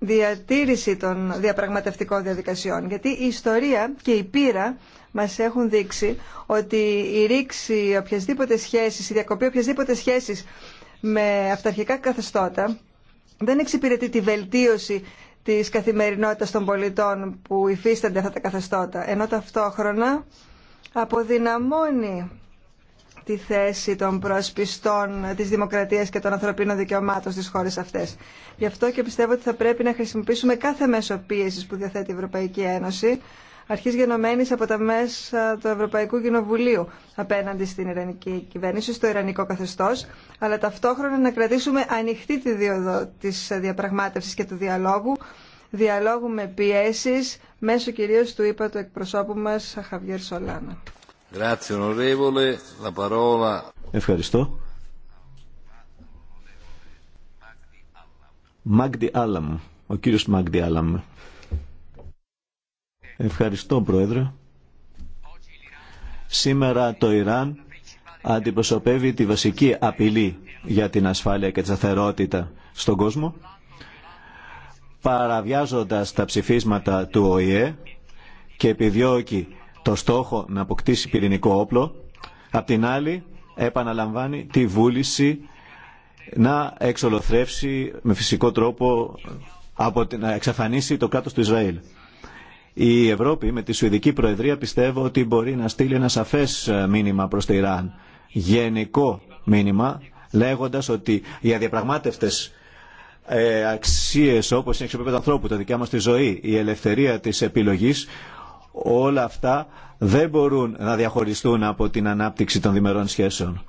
[SPEAKER 2] διατήρηση των διαπραγματευτικών διαδικασιών. Γιατί η ιστορία και η πείρα μας έχουν δείξει ότι η ρήξη οποιασδήποτε σχέση, η διακοπή οποιασδήποτε σχέση με αυταρχικά καθεστώτα δεν εξυπηρετεί τη βελτίωση της καθημερινότητας των πολιτών που υφίστανται αυτά τα καθεστώτα, ενώ ταυτόχρονα αποδυναμώνει τη θέση των προσπιστών της δημοκρατίας και των ανθρωπίνων δικαιωμάτων στις χώρες αυτές. Γι' αυτό και πιστεύω ότι θα πρέπει να χρησιμοποιήσουμε κάθε μέσο πίεσης που διαθέτει η Ευρωπαϊκή Ένωση, αρχής γενομένης από τα μέσα του Ευρωπαϊκού Κοινοβουλίου απέναντι στην Ιρανική κυβέρνηση, στο Ιρανικό καθεστώς, αλλά ταυτόχρονα να κρατήσουμε ανοιχτή τη δίωδο της διαπραγμάτευσης και του διαλόγου, διαλόγου με πιέσεις, μέσω κυρίως του είπα του εκπροσώπου μας Χαβιέρ Σολάνα.
[SPEAKER 1] Ευχαριστώ. Μάγντι Άλαμ, ο κύριος Μάγντι Άλαμ. Ευχαριστώ, Πρόεδρε. Σήμερα το Ιράν αντιπροσωπεύει τη βασική απειλή για την ασφάλεια και τη σταθερότητα στον κόσμο, παραβιάζοντας τα ψηφίσματα του ΟΗΕ και επιδιώκει το στόχο να αποκτήσει πυρηνικό όπλο, απ' την άλλη επαναλαμβάνει τη βούληση να εξολοθρεύσει με φυσικό τρόπο από, να εξαφανίσει το κράτος του Ισραήλ. Η Ευρώπη με τη Σουηδική Προεδρία πιστεύω ότι μπορεί να στείλει ένα σαφές ε, μήνυμα προς το Ιράν. Γενικό μήνυμα λέγοντας ότι οι αδιαπραγμάτευτες ε, αξίες όπως είναι του ανθρώπου, τα δικιά μας τη ζωή, η ελευθερία της επιλογής Όλα αυτά δεν μπορούν να διαχωριστούν από την ανάπτυξη των διμερών σχέσεων.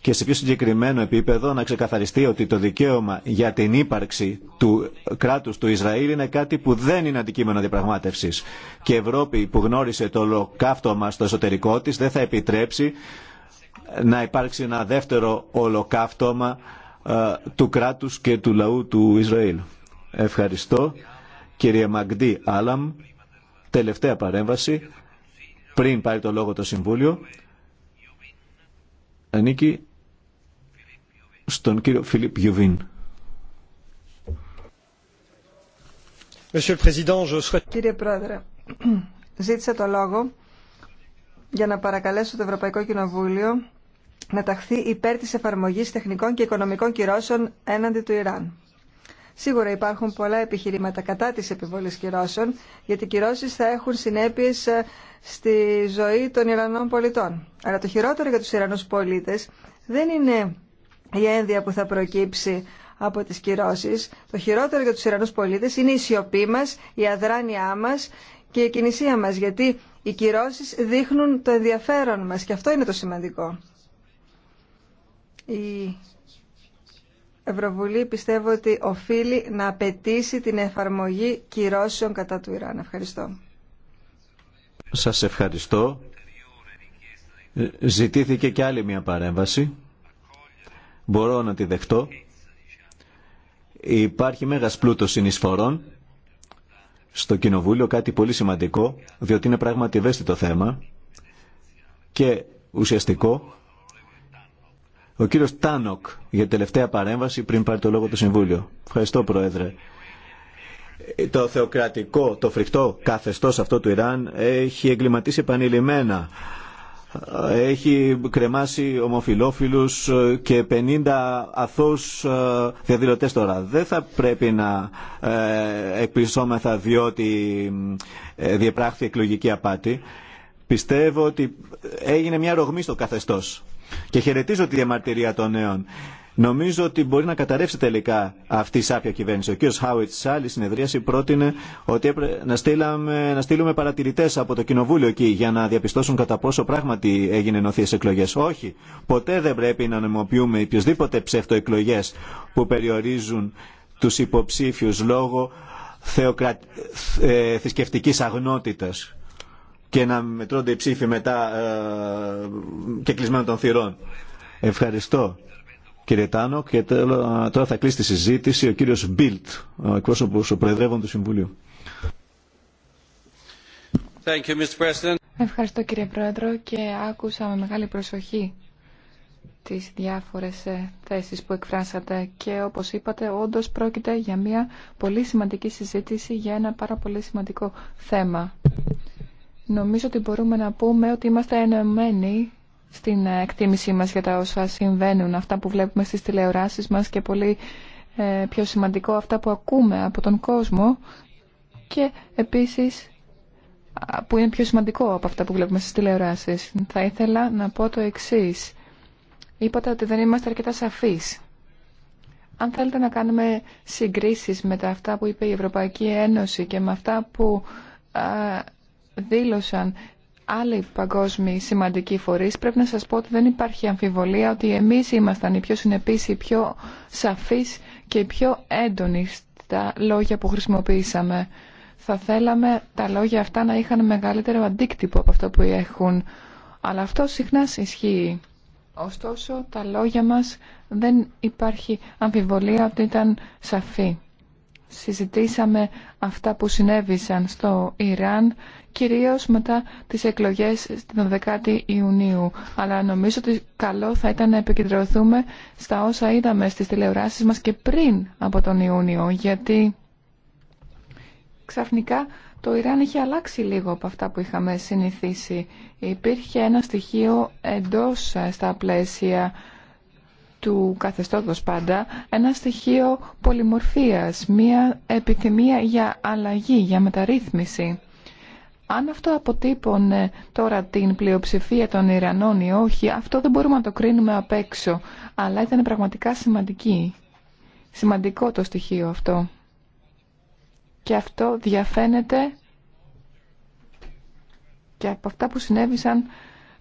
[SPEAKER 1] Και σε πιο συγκεκριμένο επίπεδο να ξεκαθαριστεί ότι το δικαίωμα για την ύπαρξη του κράτους του Ισραήλ είναι κάτι που δεν είναι αντικείμενο διαπραγμάτευσης. Και η Ευρώπη που γνώρισε το ολοκαύτωμα στο εσωτερικό της δεν θα επιτρέψει να υπάρξει ένα δεύτερο ολοκαύτωμα ε, του κράτους και του λαού του Ισραήλ. Ευχαριστώ. Κύριε Μαγντή Άλαμ, τελευταία παρέμβαση πριν πάρει το λόγο το Συμβούλιο ανήκει στον κύριο Φιλίπ Γιουβίν.
[SPEAKER 2] Κύριε Πρόεδρε, ζήτησα το λόγο για να παρακαλέσω το Ευρωπαϊκό Κοινοβούλιο να ταχθεί υπέρ της εφαρμογής τεχνικών και οικονομικών κυρώσεων έναντι του Ιράν. Σίγουρα υπάρχουν πολλά επιχειρήματα κατά της επιβολής κυρώσεων, γιατί οι κυρώσεις θα έχουν συνέπειες ε, στη ζωή των Ιρανών πολιτών. Αλλά το χειρότερο για τους Ιρανούς πολίτες δεν είναι η ένδια που θα προκύψει από τις κυρώσεις. Το χειρότερο για τους Ιρανούς πολίτες είναι η σιωπή μας, η αδράνειά μας και η κινησία μας, γιατί οι κυρώσεις δείχνουν το ενδιαφέρον μας και αυτό είναι το σημαντικό. Η Ευρωβουλή πιστεύω ότι οφείλει να απαιτήσει την εφαρμογή κυρώσεων κατά του Ιράν. Ευχαριστώ.
[SPEAKER 1] Σας ευχαριστώ. Ε, ζητήθηκε και άλλη μια παρέμβαση. Μπορώ να τη δεχτώ. Υπάρχει μέγας πλούτος συνεισφορών στο Κοινοβούλιο, κάτι πολύ σημαντικό, διότι είναι πράγματι ευαίσθητο θέμα και ουσιαστικό ο κύριο Τάνοκ για τελευταία παρέμβαση πριν πάρει το λόγο το Συμβούλιο. Ευχαριστώ Πρόεδρε. Το θεοκρατικό, το φρικτό καθεστώς αυτό του Ιράν έχει εγκληματίσει επανειλημμένα. Έχει κρεμάσει ομοφιλόφιλους και 50 αθώους ε, διαδηλωτές τώρα. Δεν θα πρέπει να ε, εκπλησώμεθα διότι ε, διεπράχθη εκλογική απάτη. Πιστεύω ότι έγινε μια ρογμή στο καθεστώς και χαιρετίζω τη διαμαρτυρία των νέων. Νομίζω ότι μπορεί να καταρρεύσει τελικά αυτή η σάπια κυβέρνηση. Ο κ. Χάουιτ σε άλλη συνεδρίαση πρότεινε ότι να, στείλαμε... να στείλουμε παρατηρητέ από το Κοινοβούλιο εκεί για να διαπιστώσουν κατά πόσο πράγματι έγινε νοθείε εκλογέ. Όχι, ποτέ δεν πρέπει να νομιμοποιούμε οποιοδήποτε ψευτοεκλογέ που περιορίζουν του υποψήφιου λόγω θεοκρα... Ε, θρησκευτική αγνότητα και να μετρώνται οι ψήφοι μετά ε, και κλεισμένο των θυρών. Ευχαριστώ κύριε Τάνο και τώρα θα κλείσει τη συζήτηση ο κύριος Μπίλτ, ο εκπρόσωπος ο Προεδρεύων του Συμβουλίου.
[SPEAKER 3] Thank you,
[SPEAKER 4] Ευχαριστώ κύριε Πρόεδρο και άκουσα με μεγάλη προσοχή τις διάφορες ε, θέσεις που εκφράσατε και όπως είπατε όντως πρόκειται για μια πολύ σημαντική συζήτηση για ένα πάρα πολύ σημαντικό θέμα. Νομίζω ότι μπορούμε να πούμε ότι είμαστε ενωμένοι στην εκτίμησή μας για τα όσα συμβαίνουν, αυτά που βλέπουμε στις τηλεοράσεις μας και πολύ ε, πιο σημαντικό αυτά που ακούμε από τον κόσμο και επίσης που είναι πιο σημαντικό από αυτά που βλέπουμε στις τηλεοράσεις. Θα ήθελα να πω το εξής. Είπατε ότι δεν είμαστε αρκετά σαφείς. Αν θέλετε να κάνουμε συγκρίσεις με τα αυτά που είπε η Ευρωπαϊκή Ένωση και με αυτά που δήλωσαν άλλοι παγκόσμιοι σημαντικοί φορείς, πρέπει να σας πω ότι δεν υπάρχει αμφιβολία ότι εμείς ήμασταν οι πιο συνεπείς, οι πιο σαφείς και οι πιο έντονοι στα λόγια που χρησιμοποίησαμε. Θα θέλαμε τα λόγια αυτά να είχαν μεγαλύτερο αντίκτυπο από αυτό που έχουν. Αλλά αυτό συχνά ισχύει. Ωστόσο, τα λόγια μας δεν υπάρχει αμφιβολία ότι ήταν σαφή συζητήσαμε αυτά που συνέβησαν στο Ιράν, κυρίως μετά τις εκλογές την 10 η Ιουνίου. Αλλά νομίζω ότι καλό θα ήταν να επικεντρωθούμε στα όσα είδαμε στις τηλεοράσεις μας και πριν από τον Ιούνιο, γιατί ξαφνικά το Ιράν είχε αλλάξει λίγο από αυτά που είχαμε συνηθίσει. Υπήρχε ένα στοιχείο εντός ε, στα πλαίσια του καθεστώτος πάντα ένα στοιχείο πολυμορφίας, μία επιθυμία για αλλαγή, για μεταρρύθμιση. Αν αυτό αποτύπωνε τώρα την πλειοψηφία των Ιρανών ή όχι, αυτό δεν μπορούμε να το κρίνουμε απ' έξω, αλλά ήταν πραγματικά σημαντική. Σημαντικό το στοιχείο αυτό. Και αυτό διαφαίνεται και από αυτά που συνέβησαν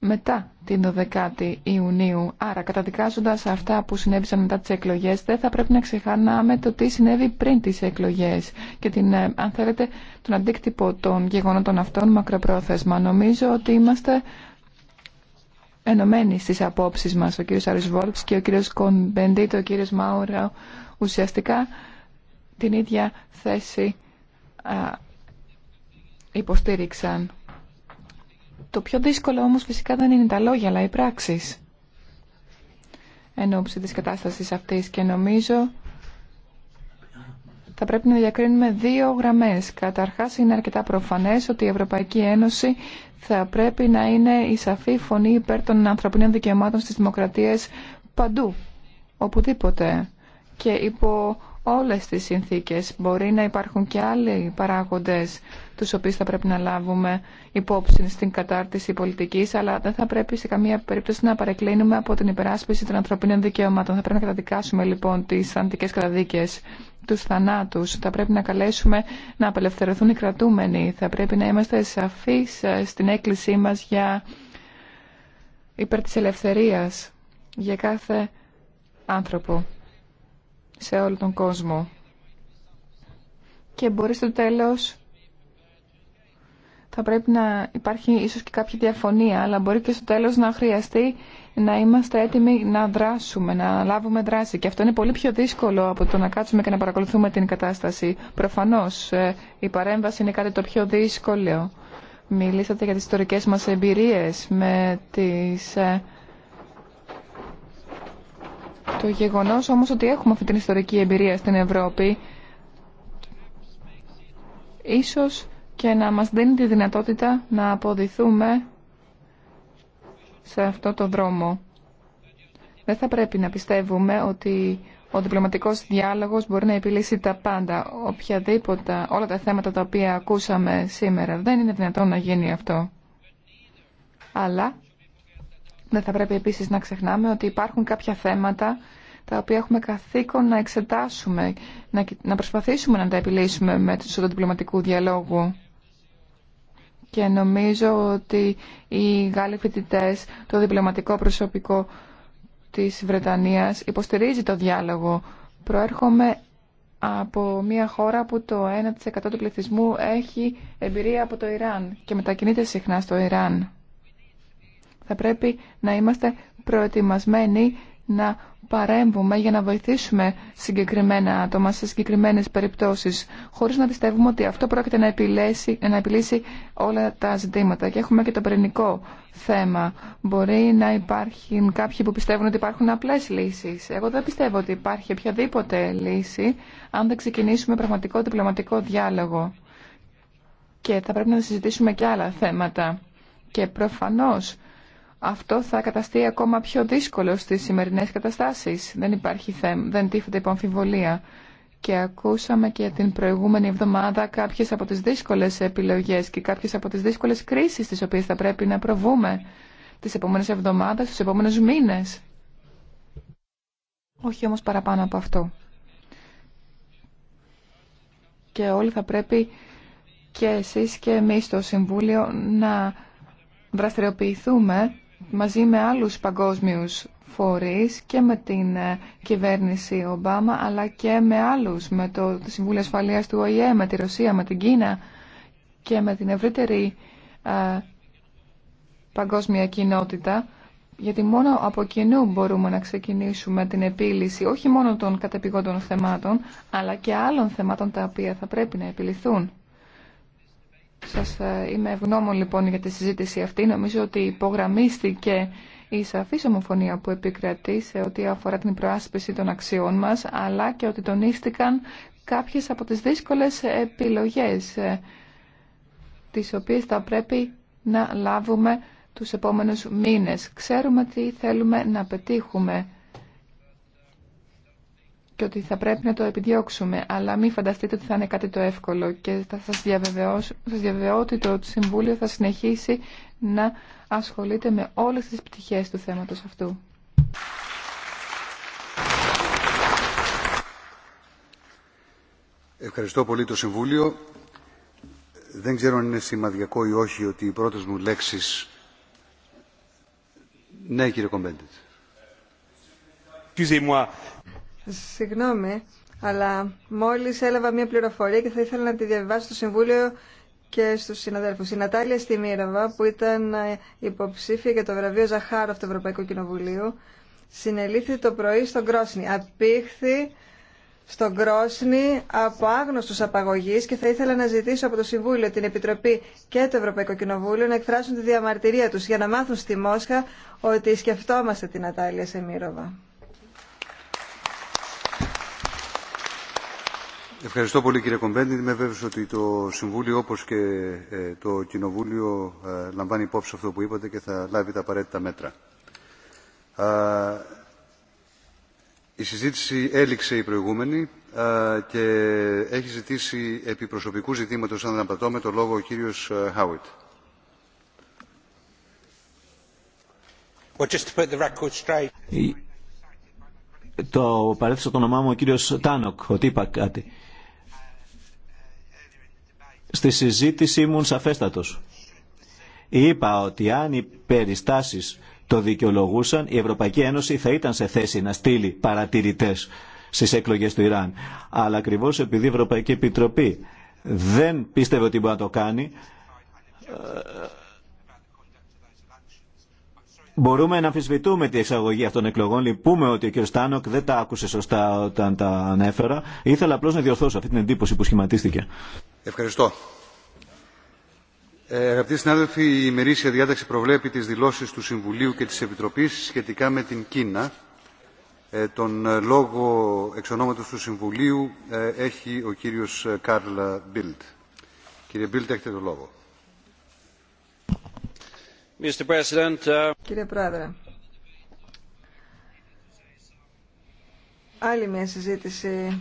[SPEAKER 4] μετά την 12η Ιουνίου. Άρα, καταδικάζοντας αυτά που συνέβησαν μετά τις εκλογές, δεν θα πρέπει να ξεχάναμε το τι συνέβη πριν τις εκλογές και την, ε, αν θέλετε, τον αντίκτυπο των γεγονότων αυτών μακροπρόθεσμα. Νομίζω ότι είμαστε ενωμένοι στις απόψεις μας ο κύριος Αρισβόλψ και ο κύριος Κονπεντήτ, ο κύριος Μάουρα, ουσιαστικά την ίδια θέση υποστήριξαν το πιο δύσκολο όμως φυσικά δεν είναι τα λόγια αλλά οι πράξεις εν ώψη της κατάστασης αυτής και νομίζω θα πρέπει να διακρίνουμε δύο γραμμές. Καταρχάς είναι αρκετά προφανές ότι η Ευρωπαϊκή Ένωση θα πρέπει να είναι η σαφή φωνή υπέρ των ανθρωπίνων δικαιωμάτων στις δημοκρατίες παντού, οπουδήποτε και υπό όλες τις συνθήκες. Μπορεί να υπάρχουν και άλλοι παράγοντες τους οποίους θα πρέπει να λάβουμε υπόψη στην κατάρτιση πολιτικής, αλλά δεν θα πρέπει σε καμία περίπτωση να παρεκκλίνουμε από την υπεράσπιση των ανθρωπίνων δικαιωμάτων. Θα πρέπει να καταδικάσουμε λοιπόν τις αντικές καταδίκες τους θανάτους. Θα πρέπει να καλέσουμε να απελευθερωθούν οι κρατούμενοι. Θα πρέπει να είμαστε σαφείς ε, στην έκκλησή μας για υπέρ της ελευθερίας για κάθε άνθρωπο σε όλο τον κόσμο. Και μπορεί στο τέλος θα πρέπει να υπάρχει ίσως και κάποια διαφωνία, αλλά μπορεί και στο τέλος να χρειαστεί να είμαστε έτοιμοι να δράσουμε, να λάβουμε δράση. Και αυτό είναι πολύ πιο δύσκολο από το να κάτσουμε και να παρακολουθούμε την κατάσταση. Προφανώς ε, η παρέμβαση είναι κάτι το πιο δύσκολο. Μιλήσατε για τις ιστορικές μας εμπειρίες με τις ε, το γεγονός όμως ότι έχουμε αυτή την ιστορική εμπειρία στην Ευρώπη ίσως και να μας δίνει τη δυνατότητα να αποδηθούμε σε αυτό το δρόμο. Δεν θα πρέπει να πιστεύουμε ότι ο διπλωματικός διάλογος μπορεί να επιλύσει τα πάντα, οποιαδήποτε, όλα τα θέματα τα οποία ακούσαμε σήμερα. Δεν είναι δυνατόν να γίνει αυτό. Αλλά δεν ναι, θα πρέπει επίσης να ξεχνάμε ότι υπάρχουν κάποια θέματα τα οποία έχουμε καθήκον να εξετάσουμε, να προσπαθήσουμε να τα επιλύσουμε με του διπλωματικού διαλόγου. Και νομίζω ότι οι Γάλλοι φοιτητέ, το διπλωματικό προσωπικό της Βρετανίας υποστηρίζει το διάλογο. Προέρχομαι από μια χώρα που το 1% του πληθυσμού έχει εμπειρία από το Ιράν και μετακινείται συχνά στο Ιράν. Θα πρέπει να είμαστε προετοιμασμένοι να παρέμβουμε για να βοηθήσουμε συγκεκριμένα άτομα σε συγκεκριμένες περιπτώσεις χωρίς να πιστεύουμε ότι αυτό πρόκειται να επιλύσει, να επιλύσει όλα τα ζητήματα. Και έχουμε και το πυρηνικό θέμα. Μπορεί να υπάρχουν κάποιοι που πιστεύουν ότι υπάρχουν απλές λύσεις. Εγώ δεν πιστεύω ότι υπάρχει οποιαδήποτε λύση αν δεν ξεκινήσουμε πραγματικό διπλωματικό διάλογο. Και θα πρέπει να συζητήσουμε και άλλα θέματα. Και προφανώς αυτό θα καταστεί ακόμα πιο δύσκολο στις σημερινές καταστάσεις. Δεν υπάρχει θέμα, δεν υπό αμφιβολία. Και ακούσαμε και την προηγούμενη εβδομάδα κάποιες από τις δύσκολες επιλογές και κάποιες από τις δύσκολες κρίσεις τις οποίες θα πρέπει να προβούμε τις επόμενες εβδομάδες, τους επόμενους μήνες. Όχι όμως παραπάνω από αυτό. Και όλοι θα πρέπει και εσείς και εμείς στο Συμβούλιο να δραστηριοποιηθούμε μαζί με άλλους παγκόσμιους φορείς και με την ε, κυβέρνηση Ομπάμα αλλά και με άλλους, με το Συμβούλιο Ασφαλείας του ΟΗΕ, με τη Ρωσία, με την Κίνα και με την ευρύτερη ε, παγκόσμια κοινότητα γιατί μόνο από κοινού μπορούμε να ξεκινήσουμε την επίλυση όχι μόνο των κατεπηγόντων θεμάτων αλλά και άλλων θεμάτων τα οποία θα πρέπει να επιληθούν. Σας ε, είμαι ευγνώμων λοιπόν για τη συζήτηση αυτή. Νομίζω ότι υπογραμμίστηκε η σαφή ομοφωνία που επικρατεί σε ό,τι αφορά την προάσπιση των αξιών μας, αλλά και ότι τονίστηκαν κάποιες από τις δύσκολες επιλογές, ε, τις οποίες θα πρέπει να λάβουμε τους επόμενους μήνες. Ξέρουμε τι θέλουμε να πετύχουμε και ότι θα πρέπει να το επιδιώξουμε. Αλλά μην φανταστείτε ότι θα είναι κάτι το εύκολο και θα σας διαβεβαιώ, σας ότι το Συμβούλιο θα συνεχίσει να ασχολείται με όλες τις πτυχές του θέματος αυτού.
[SPEAKER 3] Ευχαριστώ πολύ το Συμβούλιο. Δεν ξέρω αν είναι σημαδιακό ή όχι ότι οι πρώτες μου λέξεις... Ναι, κύριε Κομπέντετ.
[SPEAKER 2] Συγγνώμη, αλλά μόλις έλαβα μια πληροφορία και θα ήθελα να τη διαβάσω στο Συμβούλιο και στους συναδέλφους. Η Νατάλια Στιμήραβα, που ήταν ε, υποψήφια για το βραβείο Ζαχάροφ του Ευρωπαϊκού Κοινοβουλίου, συνελήφθη το πρωί στον Κρόσνη. Απήχθη στον Κρόσνη από άγνωστους απαγωγείς και θα ήθελα να ζητήσω από το Συμβούλιο, την Επιτροπή και το Ευρωπαϊκό Κοινοβούλιο να εκφράσουν τη διαμαρτυρία τους για να μάθουν στη Μόσχα ότι σκεφτόμαστε την Νατάλια Σεμίροβα.
[SPEAKER 3] Ευχαριστώ πολύ κύριε Κομπέντη. Είμαι βέβαιος ότι το Συμβούλιο όπως και ε, το Κοινοβούλιο ε, λαμβάνει υπόψη αυτό που είπατε και θα λάβει τα απαραίτητα μέτρα. Η συζήτηση έληξε η προηγούμενη και έχει ζητήσει επί προσωπικού ζητήματος αν με το λόγο ο κύριος Χάουιτ. Ε,
[SPEAKER 1] το παρέθεσα το όνομά μου ο κύριος Τάνοκ, ότι είπα κάτι. Στη συζήτηση ήμουν σαφέστατος. Είπα ότι αν οι περιστάσεις το δικαιολογούσαν, η Ευρωπαϊκή Ένωση θα ήταν σε θέση να στείλει παρατηρητές στις εκλογές του Ιράν. Αλλά ακριβώς επειδή η Ευρωπαϊκή Επιτροπή δεν πίστευε ότι μπορεί να το κάνει, ε, Μπορούμε να αμφισβητούμε τη εξαγωγή αυτών των εκλογών. Λυπούμε ότι ο κ. Στάνοκ δεν τα άκουσε σωστά όταν τα ανέφερα. Ήθελα απλώ να διορθώσω αυτή την εντύπωση που σχηματίστηκε.
[SPEAKER 3] Ευχαριστώ. Ε, αγαπητοί συνάδελφοι, η ημερήσια διάταξη προβλέπει τις δηλώσεις του Συμβουλίου και της Επιτροπής σχετικά με την Κίνα. Ε, τον ε, λόγο εξ του Συμβουλίου ε, έχει ο κύριος Κάρλ Μπίλτ. Κύριε Μπίλτ, έχετε το λόγο.
[SPEAKER 2] Κύριε Πρόεδρε, άλλη μια συζήτηση